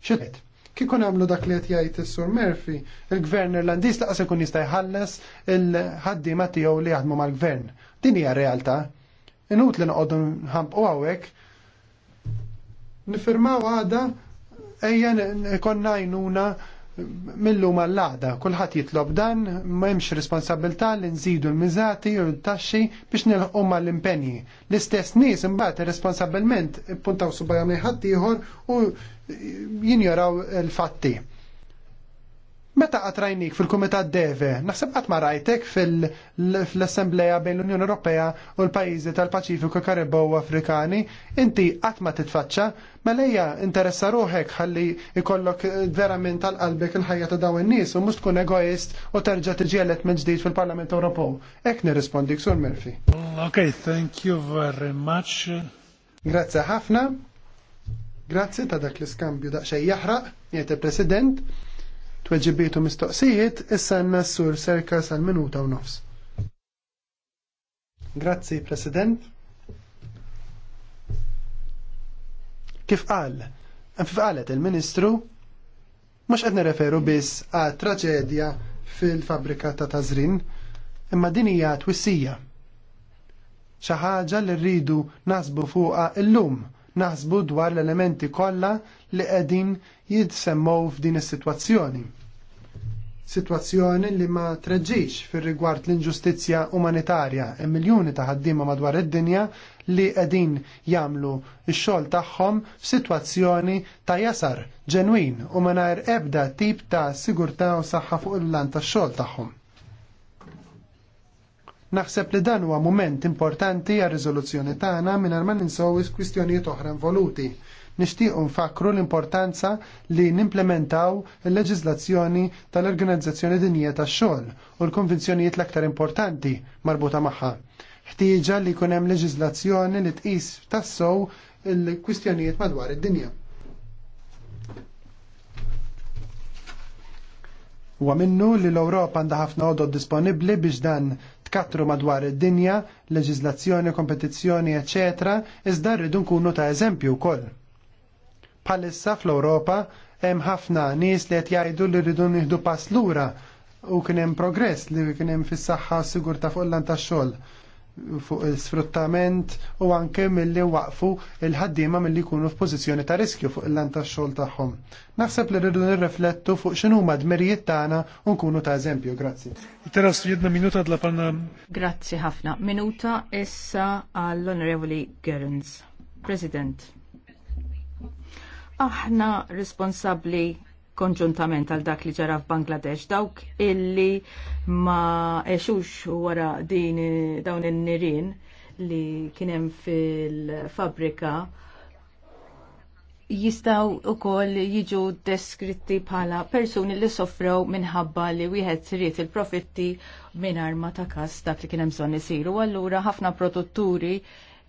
Xitet, kikun għamlu dak li qed jgħid is-Sur Murphy, il-Gvern ta' laqas kun jista' ħalles il-ħaddiema tiegħu li jaħdmu mal-Gvern. Din hija realtà. Inut li noqogħdu u hawnhekk. Nifirmaw għada ejja konnajnuna millum l għada kullħat jitlob dan, ma jimx responsabilta li nżidu l-mizati u l-taxxi biex nilħu ma l-impenji. L-istess nis imbagħad responsabilment puntaw subajam ħaddieħor u jinjoraw l-fatti. Meta għatrajnik fil-Kumitat Deve, naħseb qatt ma rajtek fil-Assembleja bejn l-Unjoni Ewropea u l-pajjiżi tal-Paċifiku Karibu u Afrikani, inti qatt ma titfaċċa, malejja mela interessa ruħek ħalli ikollok eh, verament tal-qalbek il-ħajja ta' dawn in-nies u mhux tkun egoist u terġa' tiġielet minn ġdid fil-Parlament Ewropew. Hekk nirrispondik sur Murphy. Okay, thank you very much. Grazzi ħafna. Grazzi ta' dak l-iskambju daqsxejn jaħraq, jgħid il-President tweġibietu mistoqsijiet, issa n-nassur serka sal-minuta u nofs. Grazzi, President. Kif qal, kif qalet il-Ministru, mux qed nirreferu biss għal traġedja fil-fabrika ta' Tazrin, imma din hija twissija. Xi ħaġa li rridu naħsbu fuqha illum, naħsbu dwar l-elementi kollha li qegħdin jitsemmow f'din is-sitwazzjoni situazzjoni li ma treġġix fir rigward l-inġustizzja umanitarja e miljoni ta' ħaddiema madwar id-dinja li qegħdin jagħmlu x-xogħol tagħhom f'sitwazzjoni ta' jasar ġenwin u ma ebda tip ta' sigurtà u saħħa fuq il-lan tax-xogħol tagħhom. Naħseb li dan huwa mument importanti għar riżoluzzjoni tagħna mingħajr ma ninsew kwistjonijiet oħra involuti nixtiequ nfakru l-importanza li nimplementaw il-leġiżlazzjoni tal-Organizzazzjoni Dinjija tax-xogħol u l-konvenzjonijiet l-aktar importanti marbuta magħha. Ħtieġa li jkun hemm leġiżlazzjoni li tqis tassow il-kwistjonijiet madwar id-dinja. Huwa minnu li l-Ewropa għandha ħafna għodod disponibbli biex dan tkattru madwar id-dinja, leġiżlazzjoni, kompetizzjoni, eċċetera, iżda rridu nkunu ta' eżempju wkoll. Palissa fl-Europa hemm ħafna nies li qed jgħidu li rridu nieħdu pass lura u kien hemm progress li kien hemm fis-saħħa u sigurtà fuq l-lan tax-xogħol fuq sfruttament u anke milli waqfu il-ħaddiema milli jkunu f'pożizzjoni ta' riskju fuq il-lan tax-xogħol tagħhom. Naħseb li rridu nirriflettu fuq x'inhu dmirijiet tagħna u nkunu ta' eżempju. Grazzi. Teraz jedna minuta dla panna. Grazzi ħafna. Minuta issa għall-Onorevoli Gerens. President. Aħna responsabli konġuntament għal dak li ġara f'Bangladesh, dawk illi ma eċux wara din dawn in-nirin li kienem fil-fabrika jistaw u koll jiġu deskritti bħala persuni li soffrew minħabba li wieħed trid il-profitti minn arma ta' kas dak li kienem bżonn isiru. Allura ħafna produtturi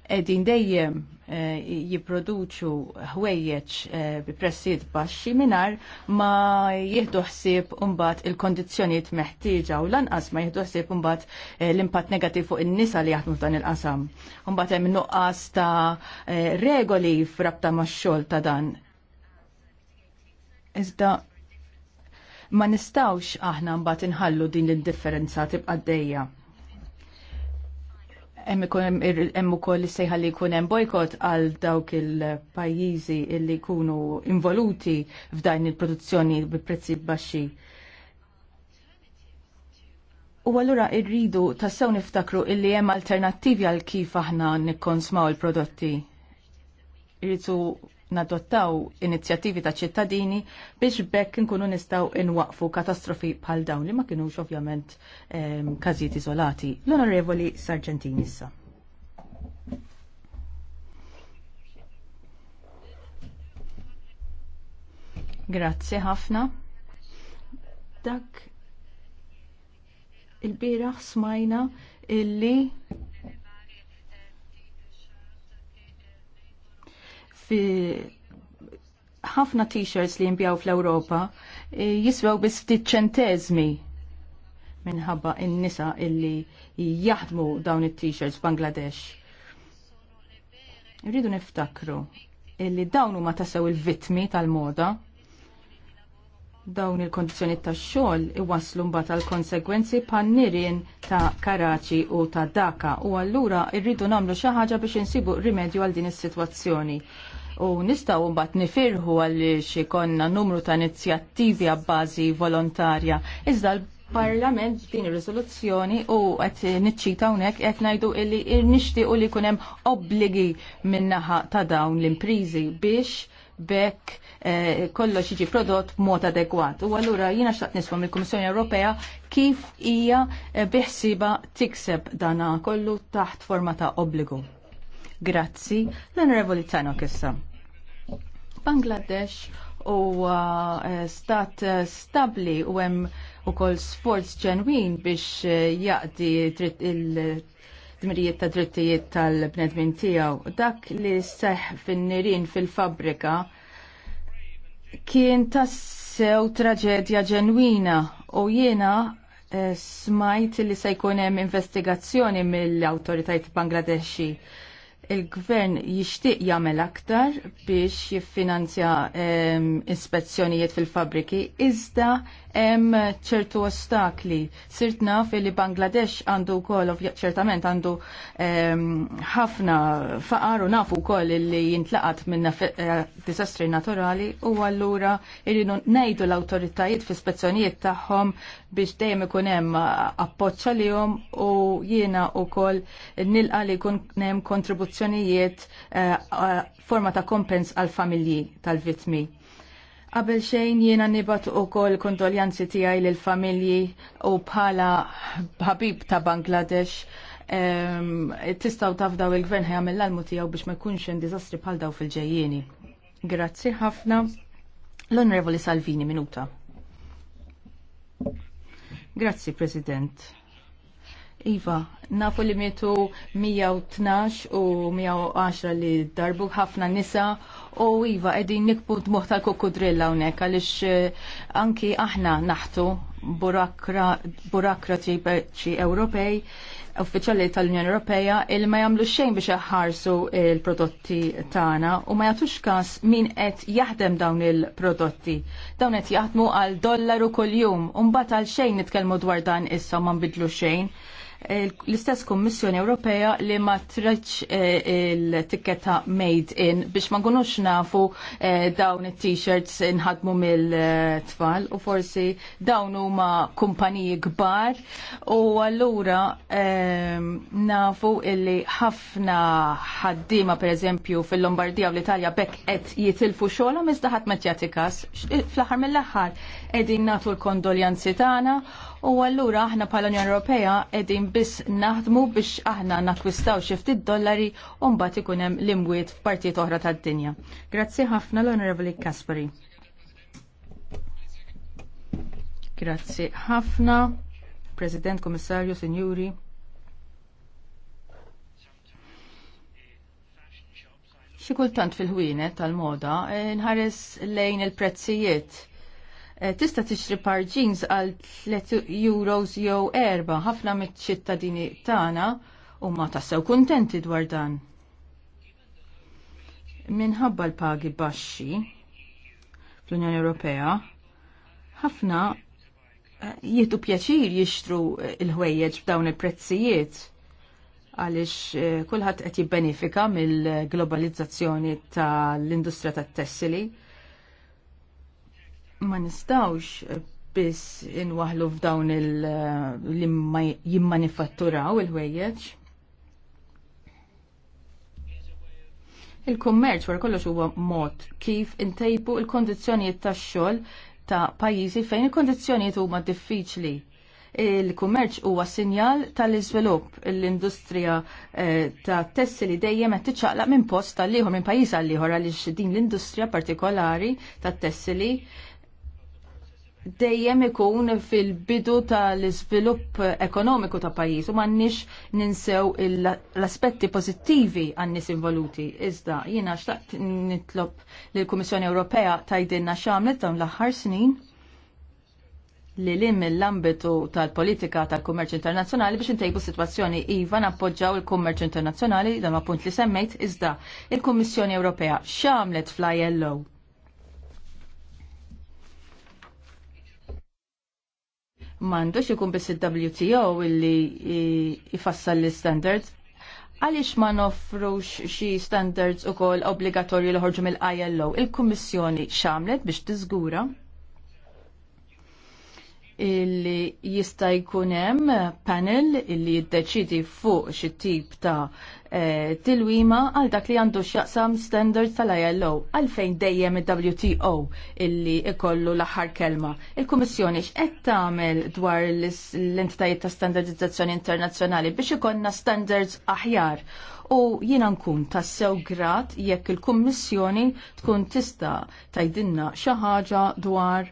edin dejjem eh, jiproduċu ħwejjeċ eh, bi pressijiet baxxi minar ma jieħdu ħsieb mbagħad il-kondizzjonijiet meħtieġa u lanqas ma jieħdu ħsieb mbagħad eh, l-impatt negattiv fuq in-nisa li jaħdmu f'dan il-qasam. Mbagħad hemm nuqqas ta' regoli f'rabta max-xogħol ta' dan. Iżda ma nistawx aħna mbagħad inħallu din l-indifferenza tibqa' dejja hemm ukoll sejħa li jkun hemm bojkot għal dawk il-pajjiżi li jkunu involuti f'dajn il-produzzjoni bi prezzi baxxi. U allura rridu tassew niftakru illi hemm alternattivi għal kif aħna nikkonsmaw il-prodotti. Irridu nadottaw inizjattivi ta' ċittadini biex bekk nkunu nistaw inwaqfu katastrofi bħal dawn li ma kienux ovvjament każijiet iżolati. L-Onorevoli Sargentini issa. Grazzi ħafna. Dak il-biraħ smajna illi fi ħafna t-shirts li jimbjaw fl-Europa e, jiswew bis ftit ċentezmi minħabba in-nisa illi jaħdmu dawn it-t-shirts Bangladesh. Rridu niftakru illi dawn huma tasew il-vitmi tal-moda Dawn il-kondizjoni ta' xogħol iwaslu mbagħad għal konsegwenzi pan ta' Karaċi u ta' Daka u allura rridu nagħmlu xi ħaġa biex insibu rimedju għal din is-sitwazzjoni. U nistgħu mbagħad nifirħu għaliex ikonna numru ta' inizjattivi għabbażi volontarja. Iżda parlament din ir-riżoluzzjoni u qed niċċita hawnhekk qed ngħidu illi nixtiequ li jkun hemm obbligi min-naħa ta' dawn l-imprizi biex bekk Eh, kollox jiġi prodott b'mod adegwat. U allura jiena xtaqt nisfhom il-Kummissjoni Ewropea kif hija eh, biħsiba tikseb dana kollu taħt forma ta' obbligu. Grazzi, l-Onorevoli Tano kissa. Bangladesh u eh, stat stabli u hemm ukoll sforz ġenwin biex jaqdi il- dmirijiet ta' drittijiet tal-bnedmin tiegħu. Dak li seħ fin-nirien fil-fabrika kien tassew traġedja ġenwina u jiena eh, smajt li se jkun hemm investigazzjoni mill-awtoritajiet Bangladeshi. Il-gvern jixtieq jagħmel aktar biex jiffinanzja eh, ispezzjonijiet fil-fabriki iżda hemm ċertu ostakli. Sirt naf li Bangladesh għandu wkoll ċertament għandu ehm, ħafna faqar u nafu wkoll li jintlaqat minn eh, disastri naturali u allura irridu ngħidu l-awtoritajiet fi spezzonijiet tagħhom biex dejjem ikun hemm li jom u jiena wkoll nilqa li jkun hemm kontribuzzjonijiet eh, forma ta' kompens għal familji tal-vitmi Qabel xejn jiena nibat u kol kondoljanzi tijaj l-familji u bħala ħabib ta' Bangladesh. Um, tistaw tafdaw il-gvern ħajam l-almu tijaw biex ma jkunx hemm dizastri bħal daw fil-ġejjieni. Grazzi ħafna. L-Onorevoli Salvini, minuta. Grazzi, President. Iva, nafu li mietu 112 u 110 li darbu ħafna nisa u Iva, edi nikbu dmuħ tal-kukudrilla unek, għalix eh, anki aħna naħtu burakratri Ewropej uffiċjali tal-Unjoni Ewropea il ma jagħmlu xejn biex jaħarsu l prodotti tagħna u ma jagħtux każ min qed jaħdem dawn il-prodotti. Dawn qed jaħdmu għal dollaru kuljum u mbagħad għal xejn nitkellmu dwar dan issa ma nbidlu xejn l-istess Kommissjoni Ewropea li ma treċ eh, il-tikketta made in biex ma nkunux nafu eh, dawn it-t-shirts inħadmu mill-tfal u forsi dawn huma kumpaniji kbar u allura ehm, nafu illi ħafna ħaddiema pereżempju fil-Lombardija u l-Italja bekk qed jitilfu xogħolhom iżda ħadd ma jagħti każ fl-aħħar mill-aħħar qegħdin nagħtu l-kondoljanzi tagħna U allura aħna bħala Unjoni Ewropea qegħdin biss naħdmu biex aħna nakwistaw xi ftit dollari u mbagħad ikun hemm l-imwiet f'partijiet oħra tad-dinja. Grazzi ħafna l-Onorevoli Kaspari. Grazzi ħafna, President Komissarju, Sinjuri. Xi kultant fil-ħwienet tal-moda eh, nħares lejn il-prezzijiet Eh, tista' tixtri par jeans għal 3 euros jew erba' ħafna mit-ċittadini tagħna huma tassew kuntenti dwar dan. Minħabba l-pagi baxxi fl-Unjoni Ewropea, ħafna eh, jietu pjaċir jixtru eh, il-ħwejjeġ b'dawn il-prezzijiet għaliex kulħadd qed jibbenefika mill-globalizzazzjoni tal-industrija tat-tessili ma nistawx biss inwaħlu f'dawn il-jimmanifatturaw il-ħwejjeġ. Il-kummerċ wara kollox huwa mod kif intejbu il-kondizzjonijiet tax-xogħol ta' pajjiżi fejn il-kondizzjonijiet huma diffiċli. Il-kummerċ huwa sinjal tal-iżvilupp l-industrija eh, ta' tessili dejjem qed tiċċaqlaq minn post tal-ieħor minn pajjiż għal ieħor għaliex din l-industrija partikolari tat-tessili dejjem ikun fil-bidu tal-iżvilupp ekonomiku ta' pajjiż u m'għandniex ninsew l-aspetti pożittivi għan-nies involuti. Iżda jiena xtaqt nitlob lill kummissjoni Ewropea tgħidilna x'għamlet dawn l-aħħar snin li li mill-ambitu tal-politika tal-kummerċ internazzjonali biex intejbu situazzjoni iva nappoġġaw il-kummerċ internazzjonali dan ma' punt li semmejt iżda il-Kummissjoni Ewropea x'għamlet fl-ILO M'għandux ikun biss il-WTO illi ifassal l-standards. Għaliex ma nofrux xi standards ukoll obbligatorji li ħorġu mill-ILO, il-Kummissjoni x'għamlet biex tiżgura illi jista' jkun hemm panel illi jiddeċidi fuq xi tip ta' Eh, tilwima għal dak li għandu x'jaqsam standard tal-ILO għalfejn dejjem il-WTO illi ikollu l-aħħar kelma. Il-Kummissjoni x'qed tagħmel dwar l-entitajiet ta' standardizzazzjoni internazzjonali biex ikonna standards aħjar u jiena nkun tassew grat jekk il-Kummissjoni tkun tista' tajdinna xi ħaġa dwar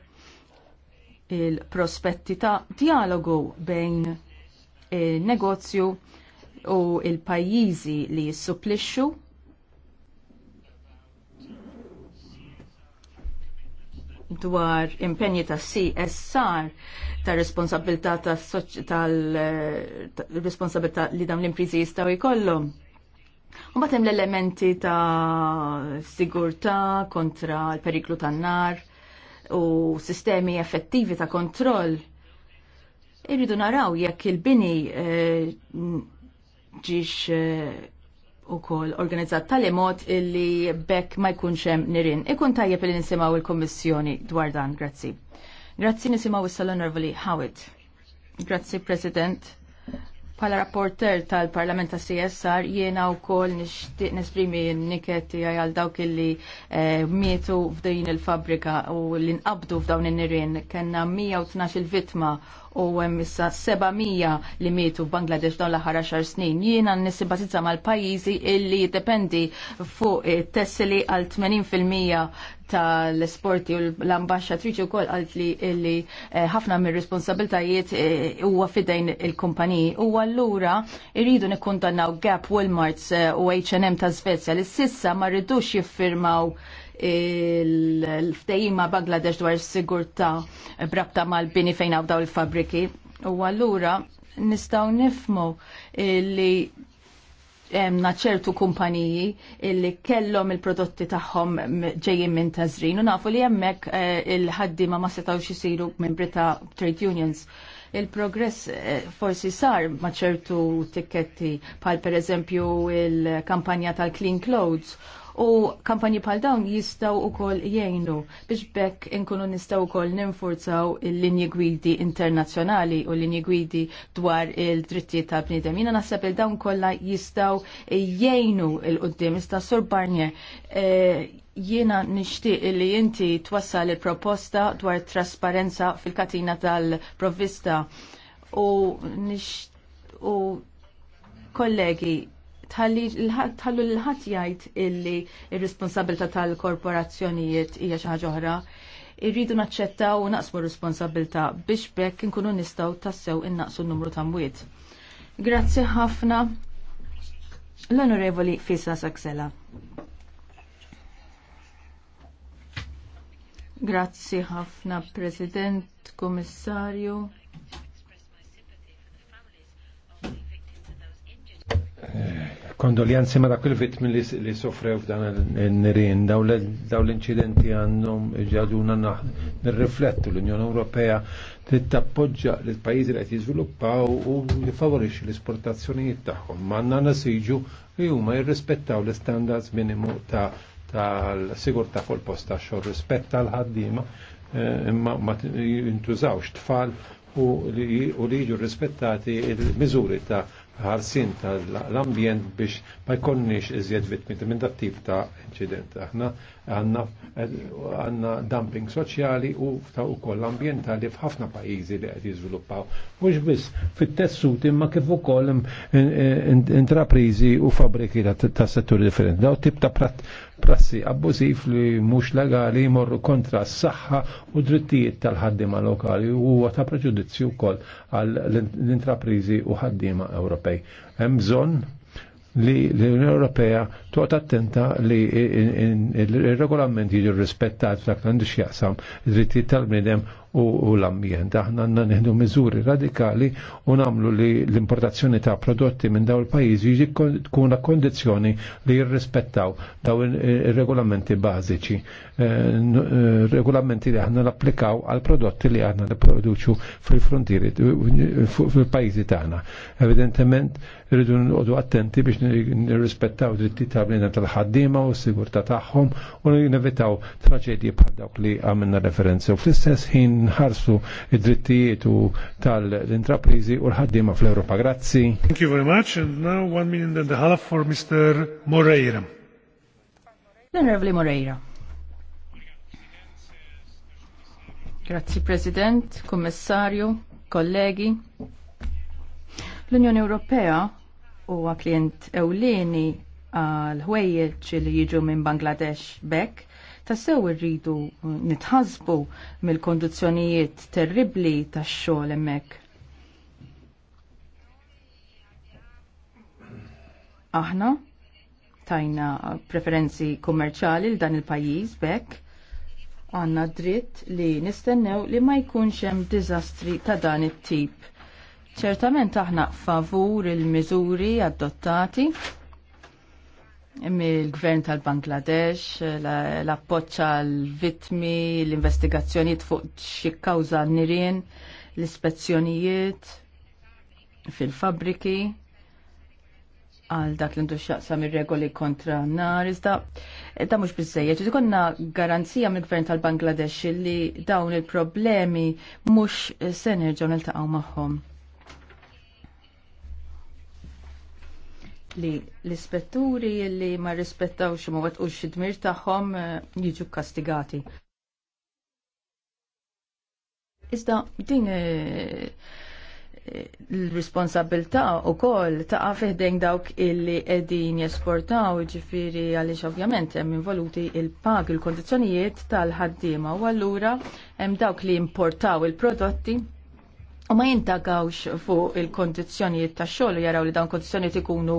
il-prospetti ta' dialogu bejn il-negozju u il-pajjiżi li jissupplixxu dwar impenji ta' CSR ta' responsabilità ta' tal-responsabilità li dam l-imprizi jistaw jkollhom. U batem l-elementi ta' sigurtà kontra l-periklu tan nar u sistemi effettivi ta' kontroll. Irridu naraw jekk il-bini eh, ġiex eh, u kol organizzat tal mod illi bekk ma jkunx hemm nirin. Ikun tajjeb li nisimaw il-Kommissjoni dwar dan, grazzi. Grazzi nisimaw is-Salon Nervoli Howitt. Grazzi, President. Pala rapporter tal-Parlament ta' CSR jiena u kol nishtiq nesprimi n-niket għal dawk illi eh, mietu f'din il-fabrika u li nqabdu f'dawn in-nirien. kena 112 vittma u hemm issa 700 li mietu f'Bangladesh dawn l-aħħar 10 snin. Jiena nissimpatizza mal-pajjiżi illi jiddependi fuq eh, tessili għal 80% tal-esporti u l-ambasċatriċi u koll għalt li illi eh, ħafna mir responsabiltajiet eh, huwa fidejn il-kumpaniji. U għallura irridu nikkundannaw Gap, Walmarts eh, u H&M ta' Svezja li sissa ma rridux jiffirmaw il-ftejima Bangladesh dwar sigurta brabta mal-bini fejn għaw daw il-fabriki. U għallura nistaw nifmu li emna ċertu kumpaniji illi kellhom il-prodotti tagħhom ġejjin minn tażrin u nafu li hemmhekk eh, il-ħaddiema ma setgħux isiru minn Brita Trade Unions. Il-progress eh, forsi sar ma ċertu tikketti pal per eżempju il-kampanja tal-Clean Clothes u kampanji pal dawn jistaw u kol jgħinu biex bekk inkunu nistaw u kol ninfurzaw il-linji gwidi internazjonali u linji gwidi dwar il-drittijiet ta' bnidem. Jina nasab il-dawn kolla jistaw jgħinu il-qoddim, jistaw sur Barnier. E, jiena nishtiq li inti twassal il-proposta dwar trasparenza fil-katina tal-provvista u nix u kollegi tal-li l-ħat jgħid illi il responsabilità tal-korporazzjonijiet hija xi ħaġa oħra. Irridu naċċettaw u naqsmu responsabilta biex bekk inkunu nistgħu tassew innaqsu n-numru ta' mwiet. Grazzi ħafna l-Onorevoli Fisa Saksela. Grazzi ħafna President, Komissarju. kondoljanzi ma' dakil vittmi li soffrew f'dan il-nirin, daw l-incidenti għandhom ġaduna nirriflettu l-Unjoni Ewropea trid tappoġġa li l-pajjiżi li qed jiżviluppaw u jifavorixxi l-esportazzjonijiet tagħhom. Ma għandna nasiġu li huma jirrispettaw l-istandards minimu ta' tal-sigurta fuq posta xor rispetta l-ħaddima eh, imma ma jintużawx tfal u li jiġu rispettati il-miżuri ta' ħarsin tal-ambjent biex ma jkonniex iżjed vittmi minn dat tip ta' incident. Aħna għanna dumping soċjali u ta' ukoll ambjentali f'ħafna pajjiżi li qed jiżviluppaw. Mhux biss fit-tessut imma kif ukoll intraprizi u fabriki ta' setturi differenti. Daw tip ta' prassi abbużiv li mhux legali jmorru kontra s-saħħa u drittijiet tal-ħaddiema lokali u huwa ta' preġudizzju wkoll għal l-intraprizi u ħaddiema Ewropej. Hemm bżonn li l-Unjoni Ewropea toqgħod attenta li il-regolament jiġu rispettat f'dak l-għandu x'jaqsam id-drittijiet tal-bniedem u l-ambjent. Aħna għandna neħdu miżuri radikali u nagħmlu li l-importazzjoni ta' prodotti minn dawn il-pajjiżi tkun kondizzjoni li jirrispettaw daw ir-regolamenti bażiċi. Eh, eh, regolamenti li aħna l-applikaw għal prodotti li aħna nipproduċu fil-frontieri eh, fil-pajjiżi tagħna. Evidentement rridu nqodu attenti biex nirrispettaw dritti ta' bnedem tal-ħaddiema u s-sigurtà tagħhom u nevitaw traġedji bħal dawk li għamilna referenza u fl-istess ħin nħarsu id-drittijiet u tal-intraprizi u l-ħaddima fl-Europa. Grazzi. Thank you very much. And now one minute and a half for Mr. Moreira. Honorable Moreira. Grazzi President, Commissario, kollegi. L-Unjoni Ewropea huwa klient ewlieni għal ħwejjeġ li jiġu minn Bangladesh bekk Tassew irridu uh, nitħasbu mill-kondizzjonijiet terribli tax-xogħol hemmhekk. Aħna tajna preferenzi kummerċali l dan il-pajjiż bekk għandna dritt li nistennew li ma jkunx hemm diżastri ta' dan it-tip. Ċertament aħna favur il-miżuri adottati mill-gvern tal-Bangladesh, l-appoċċa l-vitmi, l-investigazzjonijiet fuq xi kawża nirien, l-ispezzjonijiet fil-fabriki għal dak li ndux jaqsam ir-regoli kontra nar iżda da mhux biżejjed. Ikonna garanzija mill-gvern tal-Bangladesh li dawn il-problemi mhux se nerġgħu niltaqgħu magħhom. li l-ispetturi li ma rispettawx ma wetqux xi dmir tagħhom eh, jiġu kastigati. Iżda din eh, eh, l-responsabilta u kol ta' fiħdejn dawk illi edin jesportaw ġifiri għalix ovvjament hemm involuti il-pag il-kondizjonijiet tal-ħaddiema u allura hemm dawk li importaw il-prodotti U ma jintagawx fuq il-kondizjonijiet ta' xogħol jaraw li dawn kondizjonijiet ikunu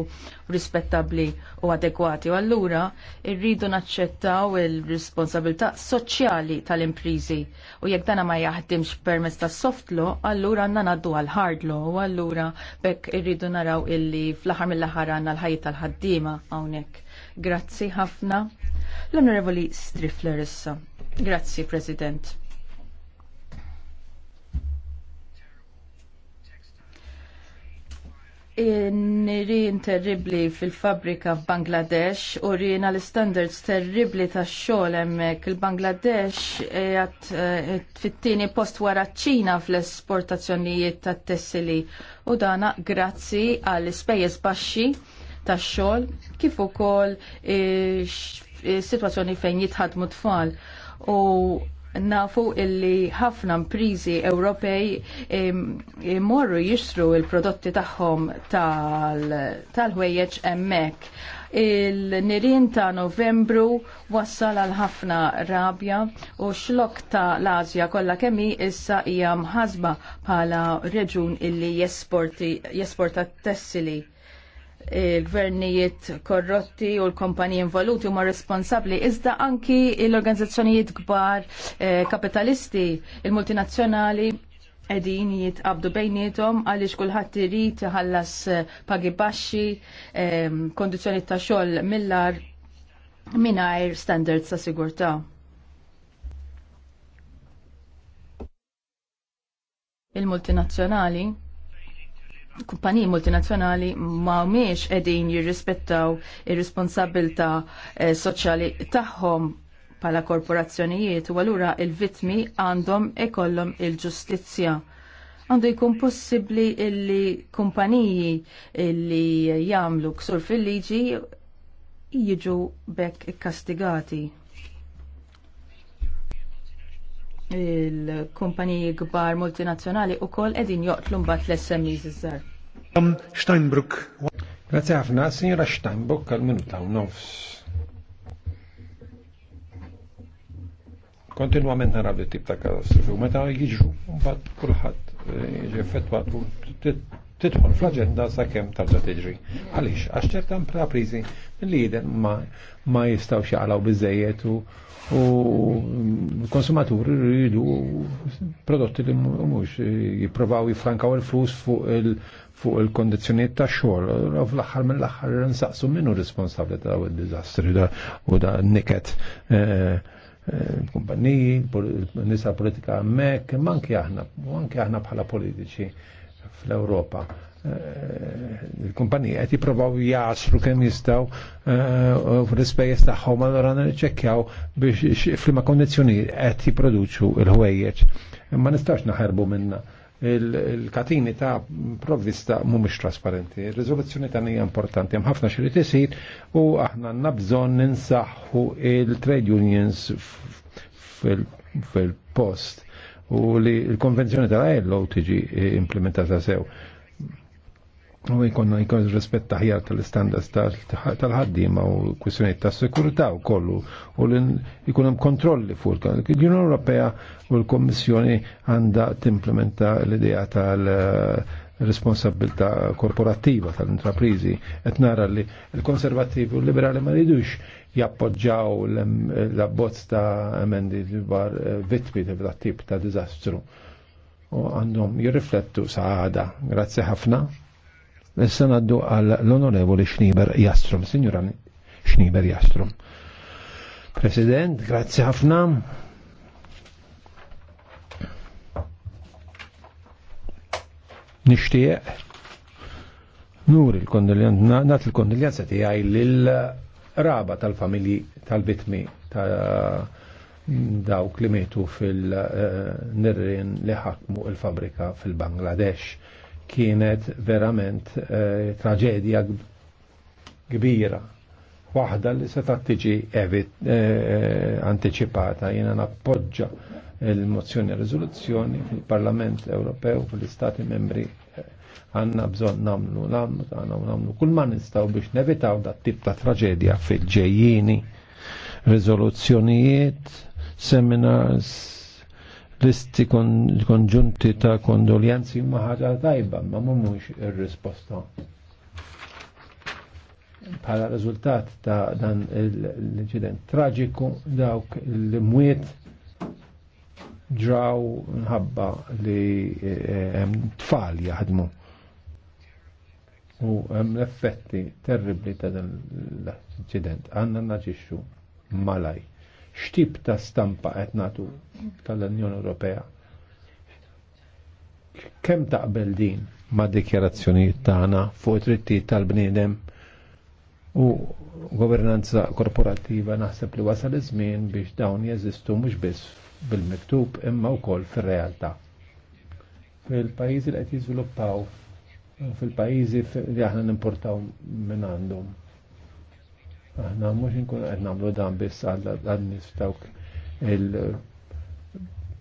rispettabbli u adekwati. U allura irridu naċċettaw il-responsabilità soċjali tal-imprizi. U jekk dana ma jaħdimx permezz ta' soft law, allura għandna ngħaddu għal hard law. U allura bekk irridu naraw illi fl-aħħar mill-aħħar għandna l-ħajja tal-ħaddiema hawnhekk. Grazzi ħafna. L-Onorevoli Strifler issa. Grazzi, President. Nirin terribli fil-fabrika f'Bangladesh u rina l-standards terribli ta' xogħol hemmhekk. Il-Bangladesh qiegħed eh, e, eh, fit-tieni post wara ċ-Ċina fl-esportazzjonijiet tat-tessili u dana grazzi għall ispejjeż baxxi tax-xogħol kif ukoll e, situazzjoni fejn jitħadmu tfal. U nafu illi ħafna mprizi Ewropej morru jixtru il-prodotti tagħhom tal-ħwejjeġ hemmhekk. Il-nirien ta' Novembru wassal għal ħafna rabja u xlok ta' l-Azja kolla kemmi issa hija mħasba bħala reġun illi jesporta t-tessili il-gvernijiet korrotti u l-kompaniji involuti huma responsabbli iżda anki l-organizzazzjonijiet kbar eh, kapitalisti, il-multinazzjonali edin jitqabdu bejnietom għaliex kulħadd irid ħallas eh, pagi baxxi, eh, kondizzjoni ta' xogħol mill-ar mingħajr standards ta' sigurtà. Il-multinazzjonali kumpaniji multinazzjonali ma miex edin jirrispettaw ir-responsabilta eh, soċjali tagħhom pala korporazzjonijiet u allura il-vitmi għandhom ikollhom il-ġustizzja. Għandu jkun possibbli illi kumpaniji illi jagħmlu ksur fil-liġi jiġu bekk ikkastigati. il-kumpaniji gbar multinazzjonali u koll edin joqtlu mbagħad l-SMEs iż-żar. Grazie għafna, signora Steinbrook għal minuta u nofs. Kontinuament nara li tip ta' katastrofi u meta jiġru, kullħat, kulħadd eh, ġeffettwa tidħol fl-agenda sa' kem tarġa' tiġri. Għalix, għax ċertan praprizi mill-lider ma, ma jistaw xaqlaw bizzejiet u konsumaturi rridu prodotti li mux jiprovaw jifrankaw il-flus fuq il- fuq il-kondizjoniet ta' xogħol, u fl-aħħar mill-aħħar nsaqsu minnu responsabbli ta' il-diżastri u da' niket eh, eh, kumpanniji, nisa politika mek, manki aħna, manki aħna bħala politiċi fl-Europa. Eh, Il-kumpanija qed jippruvaw jasru kemm jistgħu eh, fl-ispejjeż tagħhom allura niċċekkjaw biex f'liema kondizzjonijiet qed jipproduċu l-ħwejjeġ. Ma nistax naħarbu minna il-katini ta' provvista mumiex trasparenti. Il-rizoluzzjoni ta' hija importanti, hemm ħafna xiri tisir u aħna nabżon bżonn ninsaħħu il-trade unions fil-post u li l-konvenzjoni tal-ILO tiġi eh, implementata sew. U jkonna jkun rispetta ħjar tal-istandards tal-ħaddima u kwistjoniet ta' sekurità u kollu u li jkun hemm kontrolli fuq l-Unjoni Ewropea u l-Kommissjoni għandha timplementa l-idea tal- uh, responsabilità korporattiva tal-intraprizi, et nara li il-konservativi u liberali ma ridux jappoġġaw l-abbozz ta' emendi dwar eh, vitmi ta' tip ta' dizastru. U għandhom jirriflettu saħada. Grazie ħafna. Issa naddu għal l-onorevoli Schnieber Jastrum, signora Schnieber Jastrum. President, grazie ħafna. nixtieq nur il-kondoljanza, nat il-kondoljanza tiegħi lill-raba tal-familji tal-bitmi ta' dawk li metu fil-nirrin li ħakmu il-fabrika fil-Bangladesh. Kienet verament eh, traġedja kbira. Waħda li se tiġi evit eh, anticipata jiena nappoġġa il-mozzjoni riżoluzzjoni fil-Parlament Ewropew fil-Istati membri għanna eh, bżon namlu namlu għanna namlu kull nistaw biex nevitaw da tip ta' traġedja fil-ġejjini Rizoluzzjonijiet, seminars listi konġunti ta' kondoljanzi ma ħaġa tajba ma mumux ir-risposta bħala riżultat ta' dan l-inċident traġiku dawk l-mwiet ġraw nħabba li eh, eh, hemm tfal jaħdmu. U hemm l-effetti terribli ta' dan l-inċident. Għandna naġixxu malaj. X'tip ta' stampa qed nagħtu tal-Unjoni Ewropea? Kemm taqbel din ma' dikjarazzjonijiet tagħna fuq it-trittijiet tal-bniedem u governanza korporattiva naħseb li wasal iż-żmien biex dawn jeżistu mhux biss bil-miktub imma u koll fil-realta. fil pajizi li qed jizviluppaw, fil pajizi li aħna n-importaw minn għandhom. Aħna mux nkun qed nagħmlu dan biss għal nies f'dawk il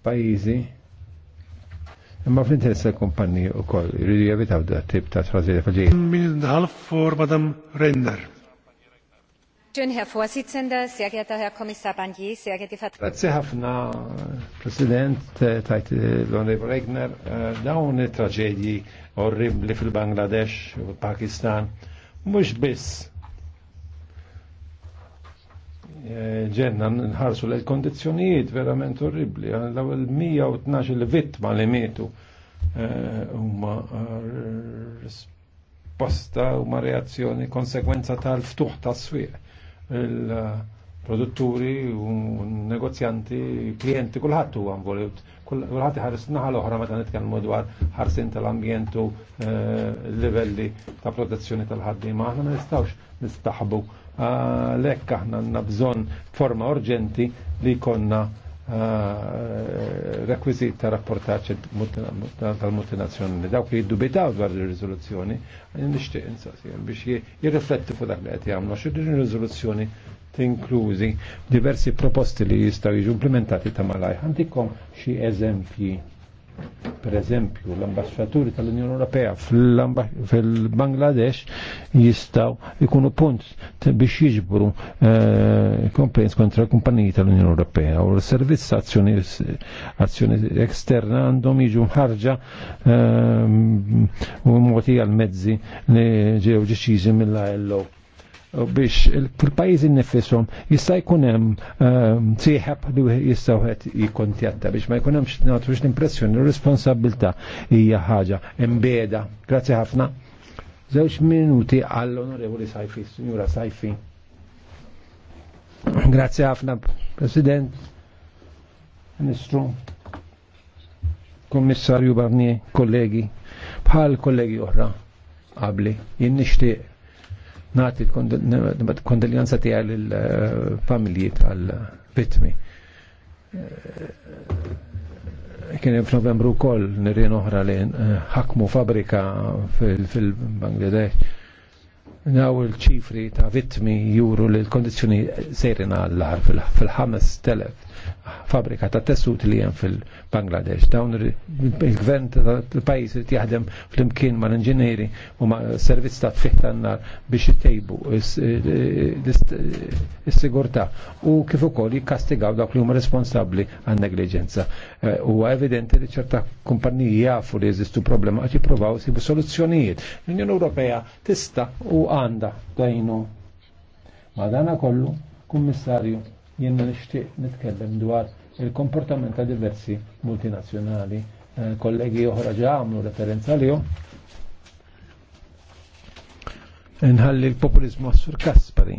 pajizi Imma fl-interess tal-kumpanni u koll, jridu jevitaw da tip ta' trażida fil ġejn Minn dħal for Madam Renner. Schön, Herr Vorsitzender, sehr geehrter Herr Kommissar Barnier, sehr geehrte Vertreter. Grazie Hafna, Präsident, tajt l-Onorevole eh, Da dawn traġedji orribli fil-Bangladesh, pakistan mux bis. Eh, ġenna nħarsu l kondizjonijiet verament orribli, daw il-112 l-vittma li mietu eh, huma risposta huma reazzjoni konsekwenza tal-ftuħ tas-swieq il-produtturi u negozjanti, klienti, kullħat u involut. Kullħat ħares naħal uħra oħra meta kan dwar ħarsin tal-ambjent eh, livelli ta' protezzjoni tal ħaddi Aħna ma nistgħux nistaħbu. Ah, lekk aħna għandna bżonn forma urġenti li konna Eh, rekwizit ta' rapportaċ tal multinazjonali Dawk li jiddubitaw dwar il-rizoluzzjoni, għan nishtiq insaqsijem biex jirrifletti fuq dak li għet jgħamlu. Xidin il-rizoluzzjoni tinklużi diversi proposti li jistaw jiġu implementati ta' malaj. Għandikom xie eżempji Per eżempju, l-ambasċaturi tal-Unjoni Ewropea fil-Bangladesh jistaw ikunu punt biex jiġbru komplejns eh, kontra kumpaniji tal-Unjoni Ewropea u l-servizz azzjoni eksterna għandhom jiġu mħarġa eh, u moti għal-mezzi li ġew ġeċiżi mill-ILO biex il pajiz nifisom jista' jkun hemm ehm, li jista' wieħed jikkontjatta biex ma jkun hemmx l-impressjoni l responsabilità hija ħaġa imbeda. Grazie ħafna. Zewx minuti għall-Onorevoli Sajfi, Signora Sajfi. Grazie ħafna, President, Ministru, Kommissarju Barnier, kollegi, bħal kollegi oħra għabli, jien nati kondoljanza tija l familji tal-vittmi. Eh, kien f f'Novembru kol nirien oħra li eh, ħakmu fabrika fil-Bangladesh. Naw il-ċifri ta' vittmi juru li l-kondizjoni sejrina l lar fil telef fabrika ta' tessut li hemm fil-Bangladesh. Dawn il-gvern tal pajjiżi li jaħdem flimkien mal-inġinieri u ma' servizz ta' tfiħ tan-nar biex jittejbu is-sigurtà u kif ukoll jikkastigaw dawk li huma responsabbli għan negliġenza. Eh, huwa evidenti li ċerta kumpanija jafu li jeżistu problema għad jippruvaw sibu soluzzjonijiet. L-Unjoni Ewropea tista' u għandha dajnu. Ma dana kollu, kummissarju, jenna nishtiq nitkellem dwar il-komportament ta' diversi multinazzjonali. Eh, kollegi oħra ġa għamlu referenza li Nħalli l-populizmu għassur Kaspari.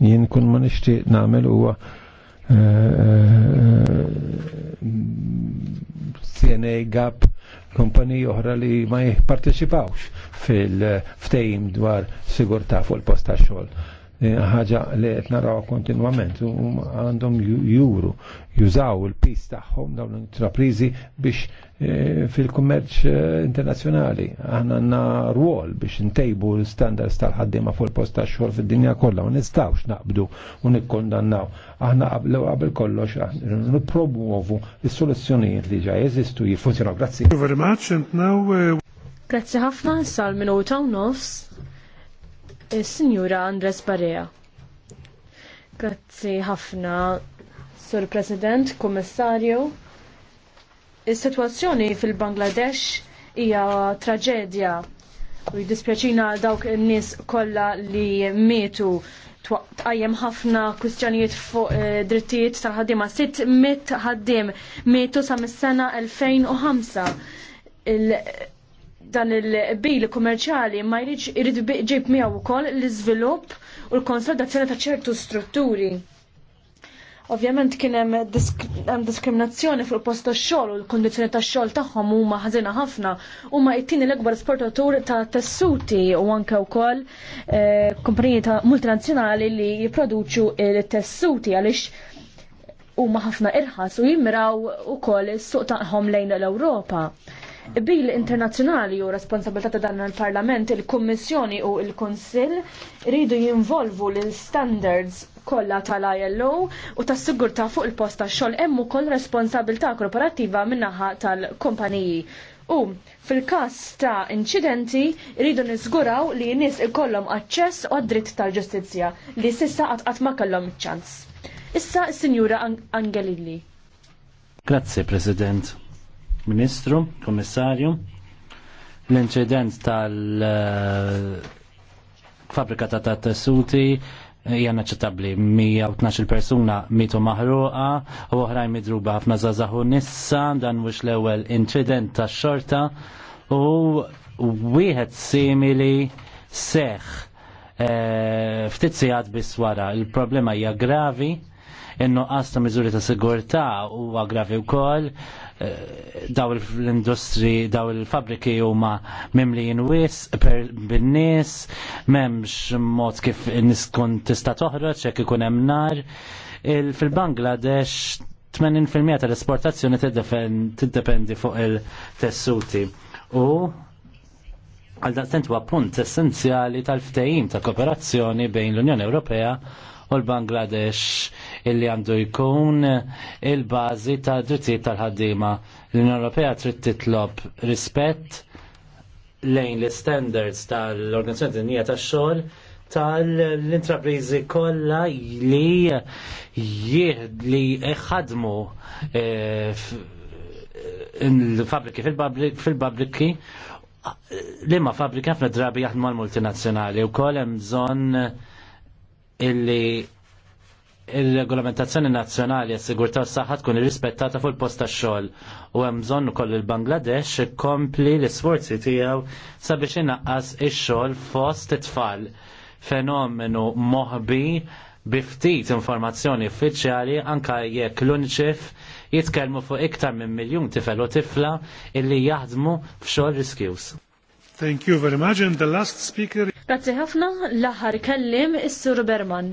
Jien kun ma nishtiq namel huwa eh, eh, CNA Gap kompani oħra li ma jipparteċipawx fil-ftejim dwar sigurta fuq il-posta xogħol Eh, ħaġa li qed naraw kontinwament u għandhom juru jużaw il-pis tagħhom dawn l-intraprizi biex eh, fil-kummerċ eh, internazzjonali. Aħna għandna rwol biex ntejbu l-standards tal-ħaddiema fuq il-post tax-xogħol fid-dinja kollha u nistgħux naqbdu u nikkondannaw. Aħna qablu qabel kollox nippromuovu is-soluzzjonijiet li ġa jeżistu jiffunzjonaw. Grazzi. Uh, Grazzi ħafna sal minuta u nofs Sinjura Andres Barea. Grazzi ħafna, Sur President, Kommissarju. Is-sitwazzjoni fil-Bangladesh hija traġedja u jidispjaċina għal dawk in-nies kollha li mietu tqajjem ħafna kwistjonijiet fuq eh, drittijiet tal-ħaddiema. Sitt mit ħaddiem mietu sa mis-sena 2005 dan il-bil kummerċali ma jridx irid ġib miegħu wkoll l-iżvilupp u l-konsolidazzjoni ta' ċertu strutturi. Ovvjament kien hemm disk diskriminazzjoni fuq post tax-xogħol u l-kundizzjoni tax-xogħol tagħhom huma ħażina ħafna huma t-tieni l ekbar esportatur ta' tessuti u anke wkoll eh, kumpaniji ta' multinazzjonali li jipproduċu il-tessuti għaliex huma ħafna irħas u jimmiraw ukoll is-suq tagħhom lejn l-Ewropa bil internazzjonali u responsabilità ta' dan il-Parlament, il-Kummissjoni u il-Konsil rridu jinvolvu l-standards kollha tal-ILO u tas-sigurtà fuq il posta tax-xogħol hemm ukoll responsabilità korporattiva min-naħa tal-kumpaniji. U fil-każ ta' inċidenti rridu niżguraw li n-nies ikollhom aċċess u għad-dritt tal-ġustizzja li s'issa qatt qatt ma kellhom iċ-ċans. Issa s-Sinjura Angelilli. Grazie, President. Ministru, Komissarju, l-inċident tal-fabrika eh, ta' ta' tessuti eh, hija ċetabli 112 persuna mitu maħruqa u oħrajn midruba ħafna zazahu nissa dan mhux l-ewwel incident tax-xorta u wieħed simili seħ eh, ftit sigħat biswara Il-problema hija gravi in-nuqqas ta' miżuri ta' sigurtà huwa gravi wkoll eh, daw l-industri, daw il-fabriki huma mimlijin wis bin-nies, m'hemmx mod kif niskun tista' toħroġ jekk ikun hemm nar. Fil-Bangladesh 80% tal-esportazzjoni tiddependi fuq il-tessuti. U għal daqstent huwa punt essenzjali tal-ftehim ta' kooperazzjoni bejn l-Unjoni Ewropea u l-Bangladesh illi għandu jkun il-bażi ta' drittijiet tal-ħaddiema. L-Unjoni Ewropea trid titlob rispett lejn l-standards tal-Organizzazzjoni Dinjija tax-xogħol tal-intraprizi kollha li li ħadmu il-fabriki eh, fil-fabriki li ma fabrika f'na drabi jaħdmu għal multinazzjonali u hemm bżonn illi il-regolamentazzjoni nazzjonali għas sigurtà s saħħa tkun irrispettata fuq il-post tax-xogħol u hemm bżonn ukoll il-Bangladesh ikkompli l-isforzi tiegħu sabiex inaqqas ix-xogħol fost it-tfal fenomenu moħbi ftit informazzjoni uffiċjali anka jekk l-UNICEF jitkellmu fuq iktar minn miljun tifel u tifla illi jaħdmu f'xogħol riskjus. Thank you very much. And the last speaker... Grazie ħafna, l-aħħar kellim is-Sur Berman.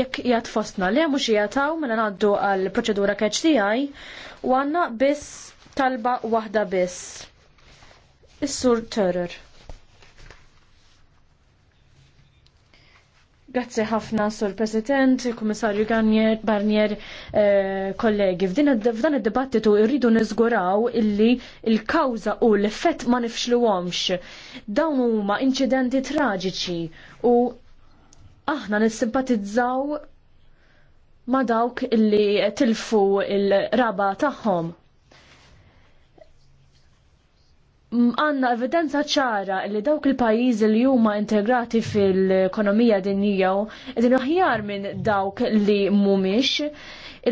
Jekk jgħat fostna li mhux jgħataw mela ngħaddu għal proċedura catch tiegħi u għandna biss talba waħda biss. Is-Sur Törer. Grazzi ħafna, Sur President, Kummissarju Barnier, eh, kollegi. F'dan id-dibattitu irridu niżguraw illi il-kawza u l-effett ma nifxluhomx. Dawn huma inċidenti traġiċi u aħna nissimpatizzaw ma dawk illi tilfu il-raba tagħhom għanna evidenza ċara li dawk il pajiz li huma integrati fil-ekonomija dinjija din aħjar minn dawk li mumiex.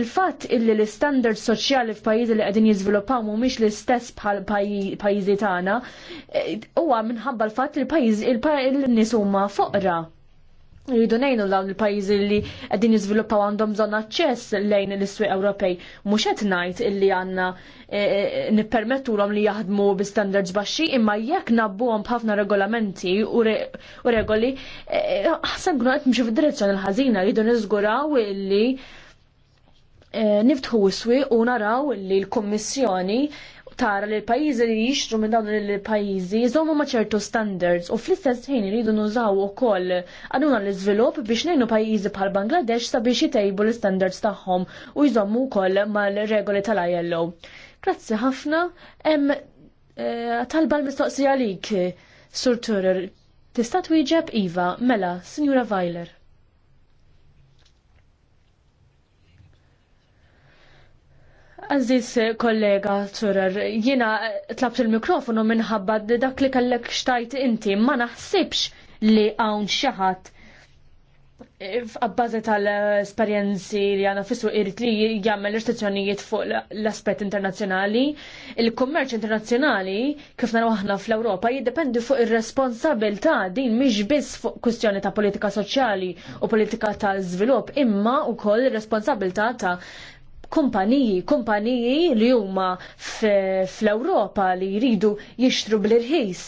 Il-fatt illi l-standard soċjali f'pajjiżi li qegħdin jiżviluppaw mhumiex l-istess bħal pajjiżi tagħna eh, huwa minħabba l-fatt li il-nies huma foqra. Rridu nejnu lawn il-pajizi li għedin jizviluppaw għandhom zona aċċess lejn l-iswi Ewropej. Mux qed ngħid illi għandna e, e, nippermettu l li jaħdmu bi standards baxxi imma jekk nabbuhom b'ħafna regolamenti u regoli e, ħasan għnu qed mxu fid-direzzjoni l-ħażina rridu niżguraw illi niftħu s-swi u naraw illi l-Kommissjoni tara li l-pajjiżi li jixtru minn dawn il-pajjiżi jżommu ma' ċertu standards u fl-istess ħin iridu nużaw ukoll għaduna l-iżvilupp biex ngħinu pajjiżi bħal Bangladesh sabiex jitejbu l-standards tagħhom u jżommu wkoll mal-regoli tal-ILO. Grazzi ħafna, hemm eh, talba l-mistoqsija lik, Sur Turer. Tista' twieġeb Iva, mela, Sinjura Vajler. Aziz kollega Turer, jina tlabt il-mikrofonu minħabba dak li kellek xtajt inti, ma naħsibx li għawn xaħat eh, f'abbażi tal-esperjenzi li għana fissu irrit li jgħamil istazzjonijiet fuq l-aspet internazzjonali, il-kummerċ internazzjonali kif naraw aħna fl-Ewropa jiddependi fuq ir-responsabilità din mhix biss fuq kwistjoni ta' politika soċjali u politika ta' żvilupp, imma wkoll ir-responsabilità ta' kumpaniji, kumpaniji li huma fl-Ewropa li jridu jixtru bl-irħis.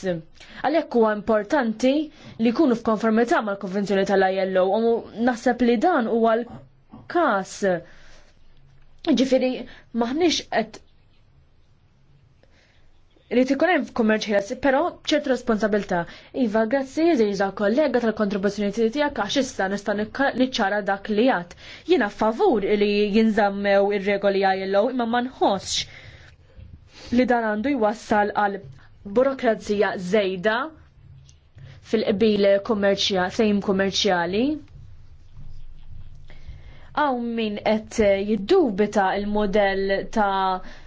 Għalhekk huwa importanti li jkunu f'konformità mal-Konvenzjoni tal-ILO u naħseb li dan huwa l-każ. Ġifiri, maħniex qed Li ikun hemm kummerċ ħieles, però ċert responsabilta. Iva, grazzi jiża kollega tal-kontribuzzjoni tiegħek għax issa nista' niċċara dak li għad. Jiena favur li jinżammew ir-regoli għajlhom imma ma nħossx li dan għandu jwassal għal burokrazija żejda fil-qbil kummerċjali sejm kummerċjali għaw min qed jiddubita il-modell ta'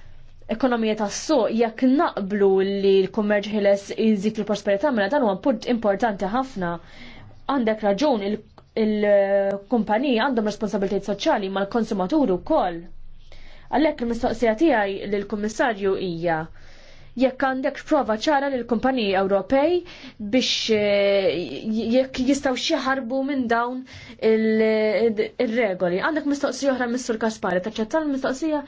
ekonomija tas-suq jekk naqblu li l-kummerġ ħiles iżid fil prosperità mela dan huwa punt importanti ħafna. Għandek raġun il-kumpaniji għandhom responsabiltajiet soċjali mal-konsumaturi wkoll. Għalhekk il-mistoqsija tiegħi lill-Kummissarju hija jekk għandek prova ċara lill kumpaniji Ewropej biex eh, jekk jistgħu xieħarbu minn dawn ir-regoli. Għandek mistoqsija oħra mis-Sur Kaspari, taċċetta mistoqsija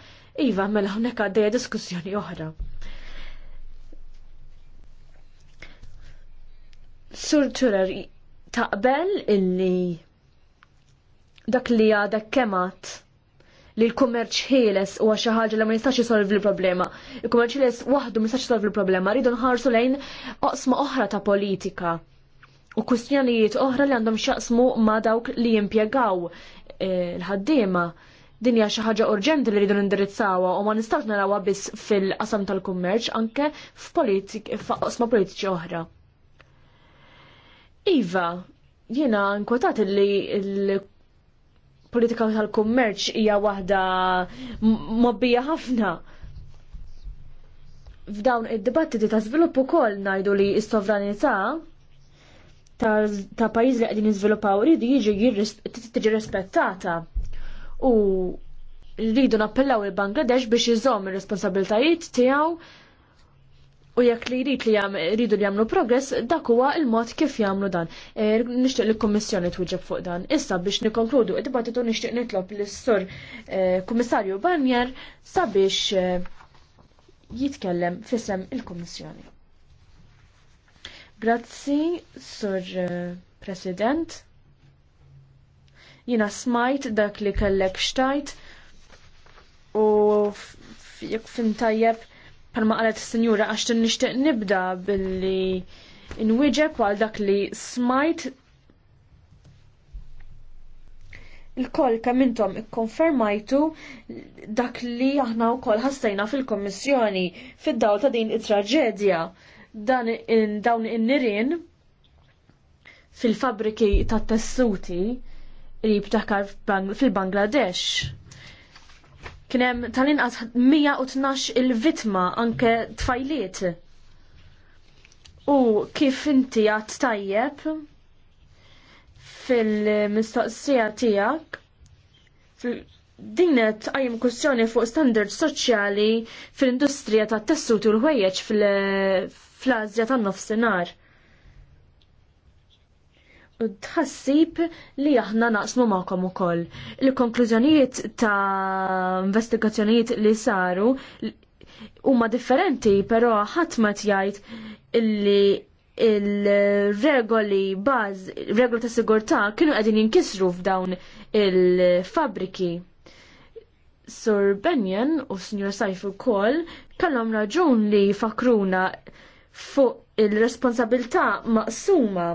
iva mela hawnhekk għaddejja diskussjoni oħra. Sur Turer, taqbel illi dak li għadek kemat li l-kummerċ ħieles huwa xi ħaġa li ma jistax isolvi l-problema. Il-kummerċ ħieles waħdu ma nistax jisolvi l-problema, rridu nħarsu lejn oqsma oħra ta' politika u kwistjonijiet oħra li għandhom xaqsmu ma' dawk li jimpiegaw eh, l-ħaddiema. Din hija xi ħaġa urġenti li rridu nindirizzawha u ma nistax narawha biss fil-qasam tal-kummerċ anke f'oqsma politiċi oħra. Iva, jiena nkwetat li l politika tal-kummerċ hija waħda mobbija ħafna. F'dawn id-dibattiti ta' żvilupp ukoll ngħidu li s-sovranità ta' pajjiż li qegħdin jiżviluppaw iridu jiġi tiġi rispettata. U rridu nappellaw il-Bangladesh biex iżomm ir-responsabiltajiet tiegħu u jekk li jrid li jridu li jagħmlu progress, dak huwa il-mod kif jagħmlu dan. E, nixtieq li l-Kummissjoni twieġeb fuq dan. Issa biex nikkonkludu id-dibattitu nixtieq nitlob lis-Sur e, Kummissarju Barnier sabiex e, jitkellem fisem il-Kummissjoni. Grazzi, Sur President. Jina smajt dak li kellek xtajt u jekk fin tajjeb Palma qalet s-senjura għax t-nishtiq nibda billi inwieġeb għal dak li smajt il-koll kemm intom ikkonfermajtu dak li aħna wkoll ħassejna fil-Kommissjoni fid daw ta' din it-traġedja dan in dawn in-nirien fil-fabriki ta' tessuti qrib fil-Bangladesh. Kienem tal-inqas 112 il-vitma anke tfajliet. U kif inti għat tajjeb fil-mistoqsija tijak, dinet għajm kustjoni fuq standard soċjali fil-industrija ta' tessut u l-ħwejjeġ fl-Azja tan nofsinhar tħassib li aħna naqsmu ma'kom ukoll. Il-konklużjonijiet ta' investigazzjonijiet li saru huma differenti, però ħadd ma jgħid illi il-regoli baż, regoli ta' sigurtà kienu qegħdin jinkisru f'dawn il-fabriki. Sur Benjen u Sr. Saif ukoll kellhom raġun li fakruna fuq il-responsabilità maqsuma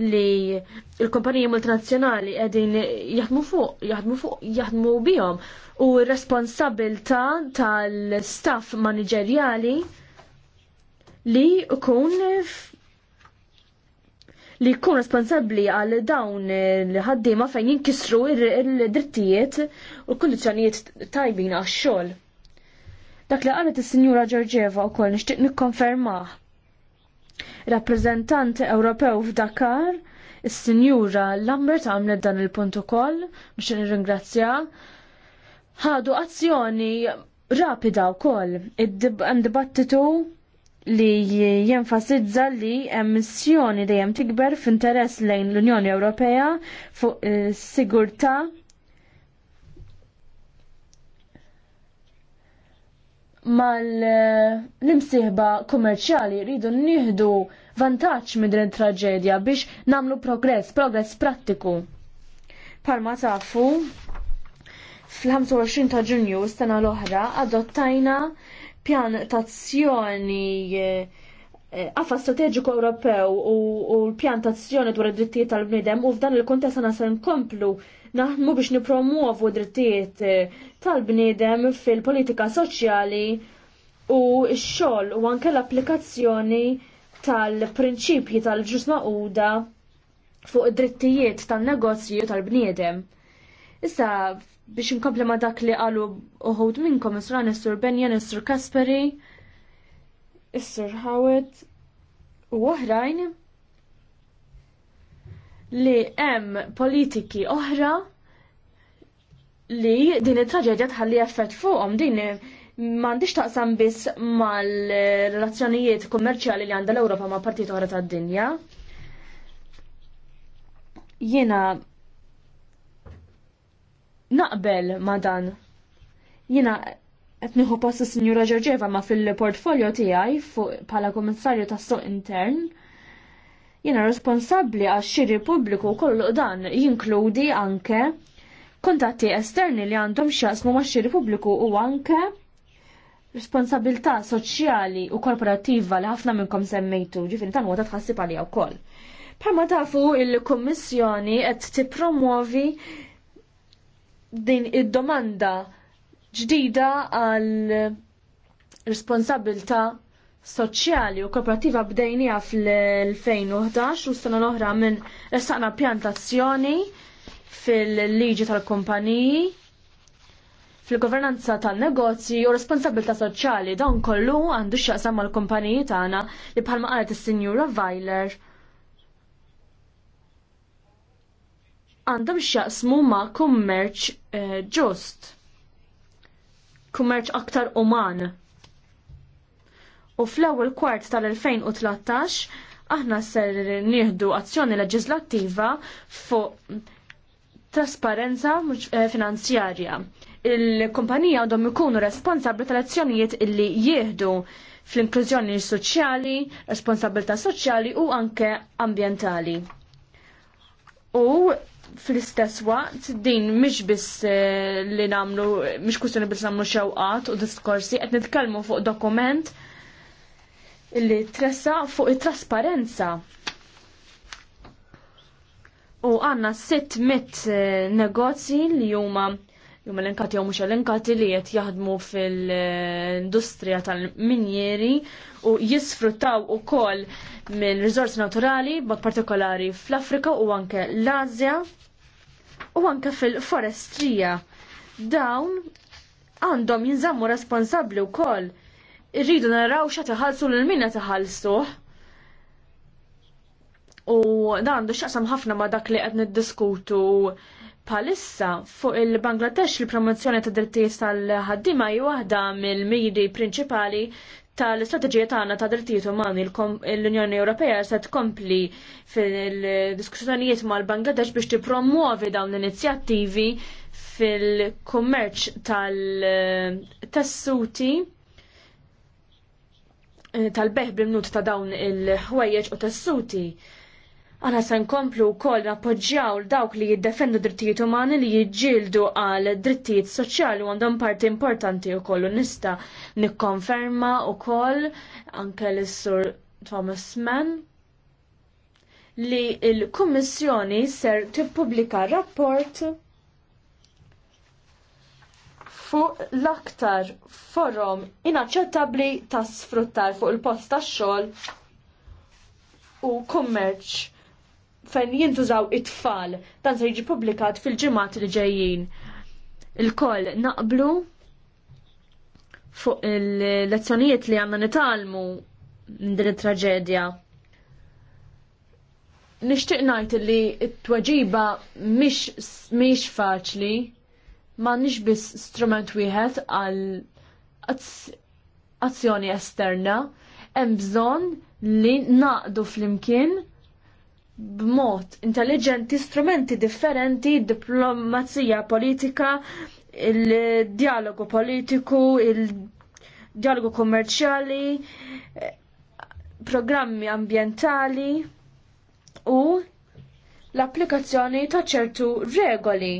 li il-kompaniji multinazzjonali qegħdin jaħdmu fuq, jaħdmu fuq, jaħdmu bihom u r-responsabilità tal-staff manageriali li kun li kun responsabbli għal dawn li ħaddiema fejn jinkisru il-drittijiet u l-kundizzjonijiet tajbin għax-xogħol. Dak li qalet is-Sinjura Ġorġeva wkoll nixtieq nikkonfermah Rappreżentant Ewropew f'Dakar, is-Sinjura Lambert għamlet dan il-punt ukoll biex nirringrazzja. Ħadu azzjoni rapida wkoll. Hemm dibattitu li jenfasizza li hemm missjoni dejjem tikber f'interess lejn l-Unjoni Ewropea fuq eh, sigurtà mal-imsiħba kummerċjali rridu nieħdu vantaġġ minn din traġedja biex namlu progress, progress prattiku. Palma tafu, fl-25 ta' ġunju s-sena l-oħra adottajna pjan tazzjoni eh, għaffa strateġiku Ewropew u l-pjan tazzjoni dwar id-drittijiet tal-bniedem u f'dan il-kontest għana se nkomplu naħdmu biex nipromuovu drittijiet eh, tal-bniedem fil-politika soċjali u x-xogħol u anke l-applikazzjoni tal-prinċipji tal-ġus uda fuq id-drittijiet tan-negozju tal-bniedem. Issa biex inkompli ma dak li qalu uħud minnkom is-sur is-sur Benjan, is-sur Kasperi, is-sur Howard u oħrajn li hemm politiki oħra li din it-traġedja tħalli effett fuqhom din m'għandix taqsam biss mal-relazzjonijiet kummerċjali li għandha l-Ewropa ma' partit oħra tad-dinja. Jiena naqbel ma' dan. Jiena qed nieħu passu Sinjura Ġorġeva ma' fil-portfolio tiegħi fuq bħala Kummissarju tas-Suq Intern Jena responsabli għax xiri pubbliku kollu dan jinkludi anke kontatti esterni li għandhom xasmu ma' xiri pubbliku u anke responsabilità soċjali u korporattiva li ħafna minnkom semmejtu, ġifin tan għoda tħassib għalija wkoll. Parma tafu il-Kommissjoni qed tippromuovi din id-domanda ġdida għal responsabilta soċjali u kooperativa bdejnija fl-2011 u s-sena l-oħra minn ressaqna pjantazzjoni fil-liġi tal-kumpaniji fil-governanza tal-negozji u responsabilta soċjali dawn kollu għandu x'jaqsam mal-kumpaniji tagħna li bħalma qalet is-Sinjura Weiler. Għandhom x'jaqsmu ma' kummerċ eh, ġust. Kummerċ aktar uman U fl-ewwel kwart tal-2013 aħna ser nieħdu azzjoni leġislattiva fuq trasparenza eh, finanzjarja. Il-kumpanija għandhom ikunu responsabbli tal-azzjonijiet illi jieħdu fl-inklużjoni soċjali, responsabilità soċjali u anke ambjentali. U fl-istess waqt din mhix biss eh, li nagħmlu mhix kwistjoni biss nagħmlu xewqat u diskorsi qed nitkellmu fuq dokument illi tressa fuq it-trasparenza. U għanna 600 eh, negozji li huma jum elenkati jew mhux elenkati li qed jaħdmu fil-industrija tal-minjeri u jisfruttaw ukoll minn riżorsi naturali b'mod partikolari fl-Afrika u anke l-Asja u anke fil-forestrija. Dawn għandhom jinżammu responsabbli wkoll irridu naraw xa taħalsu l-minna taħalsu. U dan għandu xaqsam ħafna ma dak li qed niddiskutu palissa fuq il-Bangladesh il-promozzjoni ta' drittijiet tal-ħaddima hi waħda mill-miri prinċipali tal-istrateġija tagħna ta' drittijiet umani l-Unjoni Ewropea se tkompli fil-diskussjonijiet mal-Bangladesh biex tippromuovi dawn l-inizjattivi fil-kummerċ tal-tessuti Eh, tal-beħ bimnut ta' dawn il-ħwejjeġ u tessuti. Għana se nkomplu wkoll l dawk li jiddefendu drittijiet umani li jiġġieldu għal drittijiet soċjali għandhom parti importanti u kollu nista nikkonferma wkoll anke lis sur Thomas Mann li l kummissjoni ser tippubblika rapport fuq l-aktar forum inaċċettabbli ta' sfruttar fuq il-post tax-xogħol u kummerċ fejn jintużaw it-tfal dan se jiġi publikat fil-ġimgħat li ġejjin. Il-koll naqblu fuq il-lezzjonijiet li għandna nitalmu minn din it-traġedja. Nixtieq ngħid li t-tweġiba mhix faċli ma nix biss strument wieħed għal azzjoni esterna, hemm bżonn li naqdu flimkien b'mod intelligenti strumenti differenti, diplomazija politika, il-dialogu politiku, il-dialogu kommerċjali, programmi ambientali u l-applikazzjoni ta' ċertu regoli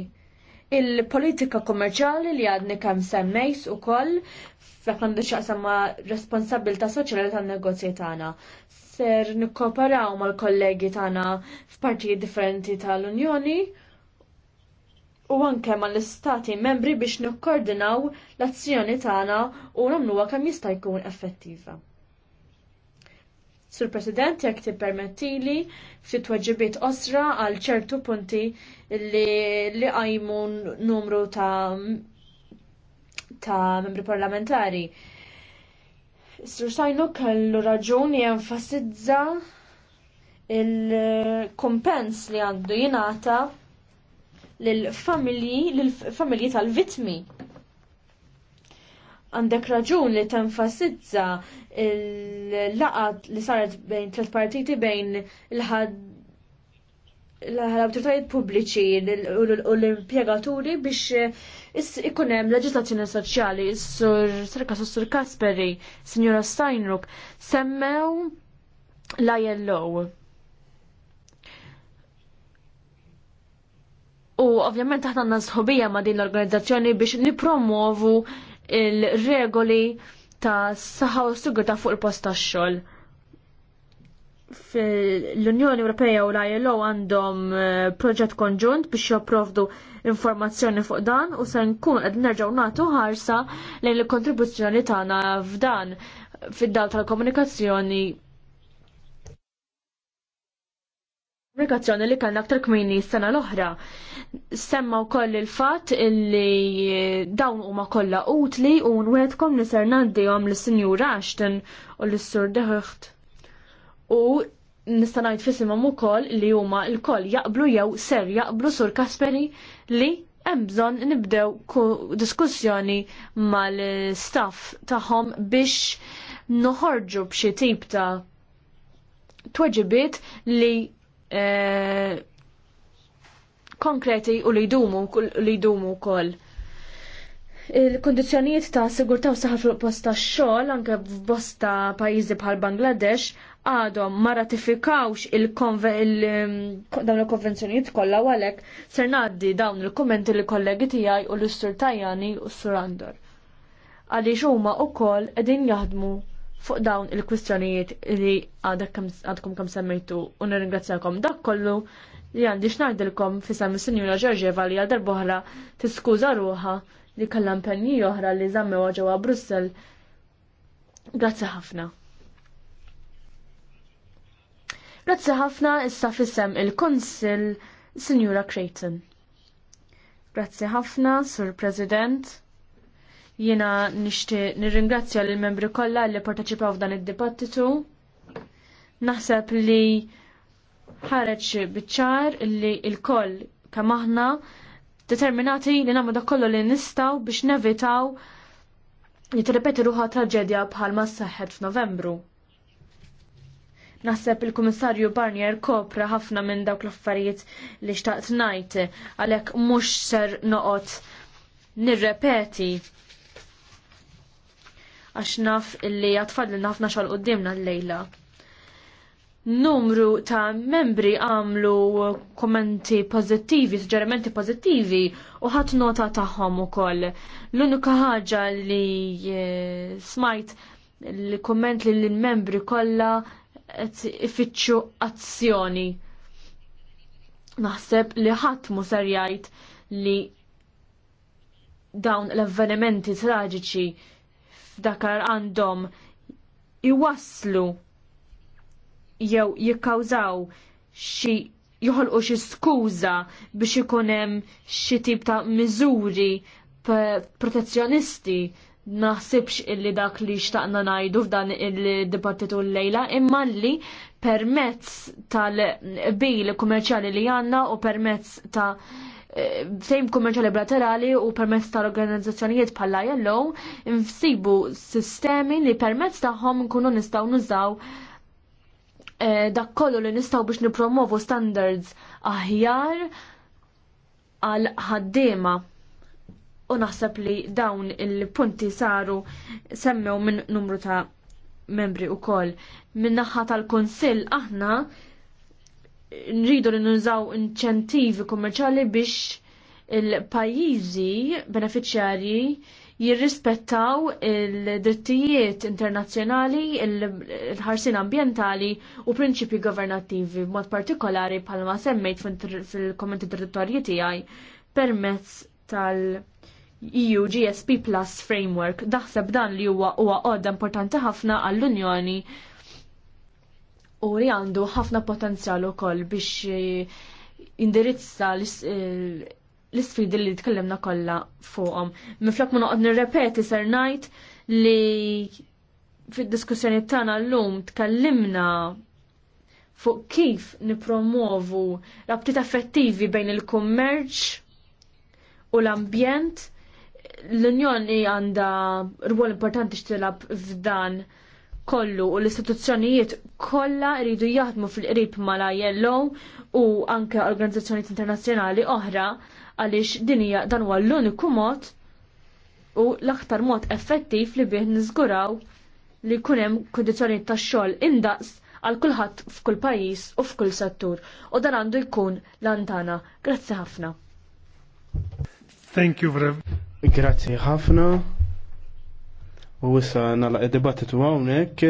Il-politika kommerċali li għadni kemm semmejs u koll fekkandu xaqsama responsabilta soċjali tan negozji tagħna. Ser nikkoperaw mal-kollegi tagħna f'partijiet differenti tal-Unjoni u anke mal-istati membri biex nikkoordinaw l-azzjoni tagħna u nagħmluha kemm jista' jkun effettiva. Sur President, jekk tippermettili ftit tweġibiet osra għal ċertu punti li li għajmu numru ta' ta' membri parlamentari. Sur Sajnu kellu raġuni jenfasizza il-kompens li għandu jingħata lill-familji tal-vitmi għandek raġun li tenfasizza il-laqat li saret bejn tlet partiti bejn il-ħad l-autoritajiet pubbliċi u l-impiegaturi biex ikunem leġislazzjoni soċjali sur Sirka Sur Kasperi, Signora Steinruck, semmew l-ILO. U ovvjament taħna sħobija ma din l-organizzazzjoni biex nipromovu il-regoli il regoli ta' saħħa u ta' fuq il-post tax-xogħol. L-Unjoni Ewropea u l-ILO għandhom eh, proġett konġunt biex joprovdu informazzjoni fuq dan u se nkun qed nerġgħu nagħtu ħarsa lejn il-kontribuzzjoni tagħna f'dan fid-dawl tal-komunikazzjoni Komunikazzjoni li kellna aktar kmini s-sena l-oħra semma u koll il-fat illi dawn u ma kolla utli u nwedkom li ser naddijom l-Sinjur Ashton u l-Sur Deħuħt. U nistanajt fissimam u koll li huma il-koll jaqblu jew ser jaqblu Sur Kasperi li bżon nibdew diskussjoni mal-staff taħom biex noħorġu b'xi tip ta' tweġibiet li eh, konkreti u li jdumu li jdumu wkoll. Il-kondizjonijiet ta' sigurta u saħħa posta xogħol anke f'bosta pajjiżi bħal Bangladesh għadhom ma ratifikawx il dawn il-konvenzjonijiet kollha u għalhekk ser ngħaddi dawn il-kummenti li kollegi tiegħi u l-Istur Tajani u s Andor. Għaliex huma wkoll qegħdin jaħdmu fuq dawn il-kwistjonijiet li għadkom kam semmejtu u nirringrazzjakom dak kollu li għandi xnajdilkom fissa mis sinjura Ġorġeva li għadar boħra t-skuza ruħa li kallam penni oħra li zamme ġewwa Brussel. Grazzi ħafna. Grazzi ħafna issa fissem il-Konsil Signora Creighton. Grazzi ħafna, Sur President. Jiena nishti nirringrazzja lill membri kollha li parteċipaw f'dan id-dibattitu. Naħseb li ħareċ biċċar li il-koll kemm aħna determinati li nagħmlu dakollu li nistgħu biex nevitaw li tirrepeti ruħa traġedja bħalma s f f'Novembru. Naħseb il-Kummissarju Barnier kopra ħafna minn dawk l-affarijiet li xtaqt ngħid għalhekk mhux ser noqgħod nirrepeti għax naf illi għatfad li nafna xal qoddimna l-lejla numru ta' membri għamlu kommenti pozittivi, suġġerimenti pozittivi u ħadd nota tagħhom ukoll. L-unika ħaġa li eh, smajt li komment li l-membri kollha qed ifittxu azzjoni. Naħseb li ħadd mu ser jgħid li dawn l-avvenimenti traġiċi f'dakar għandhom iwasslu jew jikkawżaw xi joħolqu xi skuża biex ikun hemm xi tip ta' miżuri protezzjonisti naħsibx illi dak li xtaqna ngħidu f'dan il-dibattitu l-lejla imma li permezz tal-bil kummerċjali li għandna u permezz ta' fejm kummerċjali bilaterali u permezz tal-organizzazzjonijiet bħalla jellow insibu sistemi li permezz tagħhom nkunu nistgħu nużaw Eh, dak kollu li nistgħu biex nippromovu standards aħjar għal ħaddiema u naħseb li dawn il-punti saru semmew minn numru ta' membri u koll. naħa tal-Konsil aħna nridu li nużaw inċentivi kummerċali biex il-pajjiżi beneficjarji jirrispettaw il-drittijiet internazzjonali, il-ħarsin ambientali u prinċipi governattivi b'mod partikolari bħalma semmejt fil-kommenti introduttorji tiegħi permezz tal- EU GSP Plus Framework daħseb dan li huwa huwa qodda importanti ħafna għall-Unjoni u li għandu ħafna potenzjal ukoll biex indirizza l-isfidi li tkellimna kollha fuqhom. Minflok ma noqgħod nirrepeti ser ngħid li fid-diskussjoni tagħna llum tkellimna fuq kif nipromovu rabtiet affettivi bejn il-kummerċ u l-ambjent. L-Unjoni għandha rwol importanti xtilab f'dan kollu u l-istituzzjonijiet kollha jridu jaħdmu fil-qrib mala ILO u anke organizzazzjonijiet internazzjonali oħra għaliex din hija dan huwa l-uniku mod u l-aktar mod effettiv li bih niżguraw li jkun hemm kundizzjonijiet tax-xogħol indaqs għal kulħadd f'kull pajjiż u f'kull settur u dan għandu jkun lantana. Grazzi ħafna. Thank you very Grazzi ħafna. U issa nagħlaq id-dibattitu hawnhekk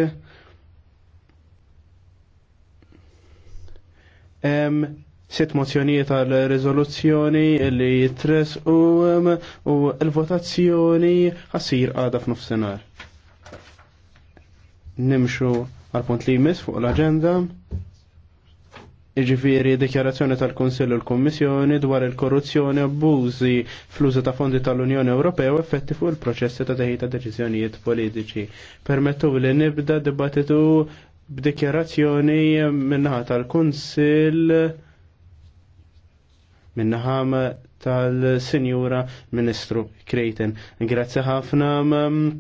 sitt mozzjonijiet għal rezoluzzjoni li jitres um, u l-votazzjoni għasir għada f'nofsenar. Nimxu għal punt li jmiss fuq l-agenda. Iġifiri dikjarazzjoni tal konsillu u l-Kommissjoni dwar il-korruzzjoni abbużi fl-użu ta' fondi tal-Unjoni Ewropea u effetti fuq il-proċessi ta' teħita deċiżjonijiet politiċi. Permettu li nibda dibattitu b'dikjarazzjoni minnaħa tal-Konsill minnaħam tal-Sinjura Ministru Creighton. Grazie ħafna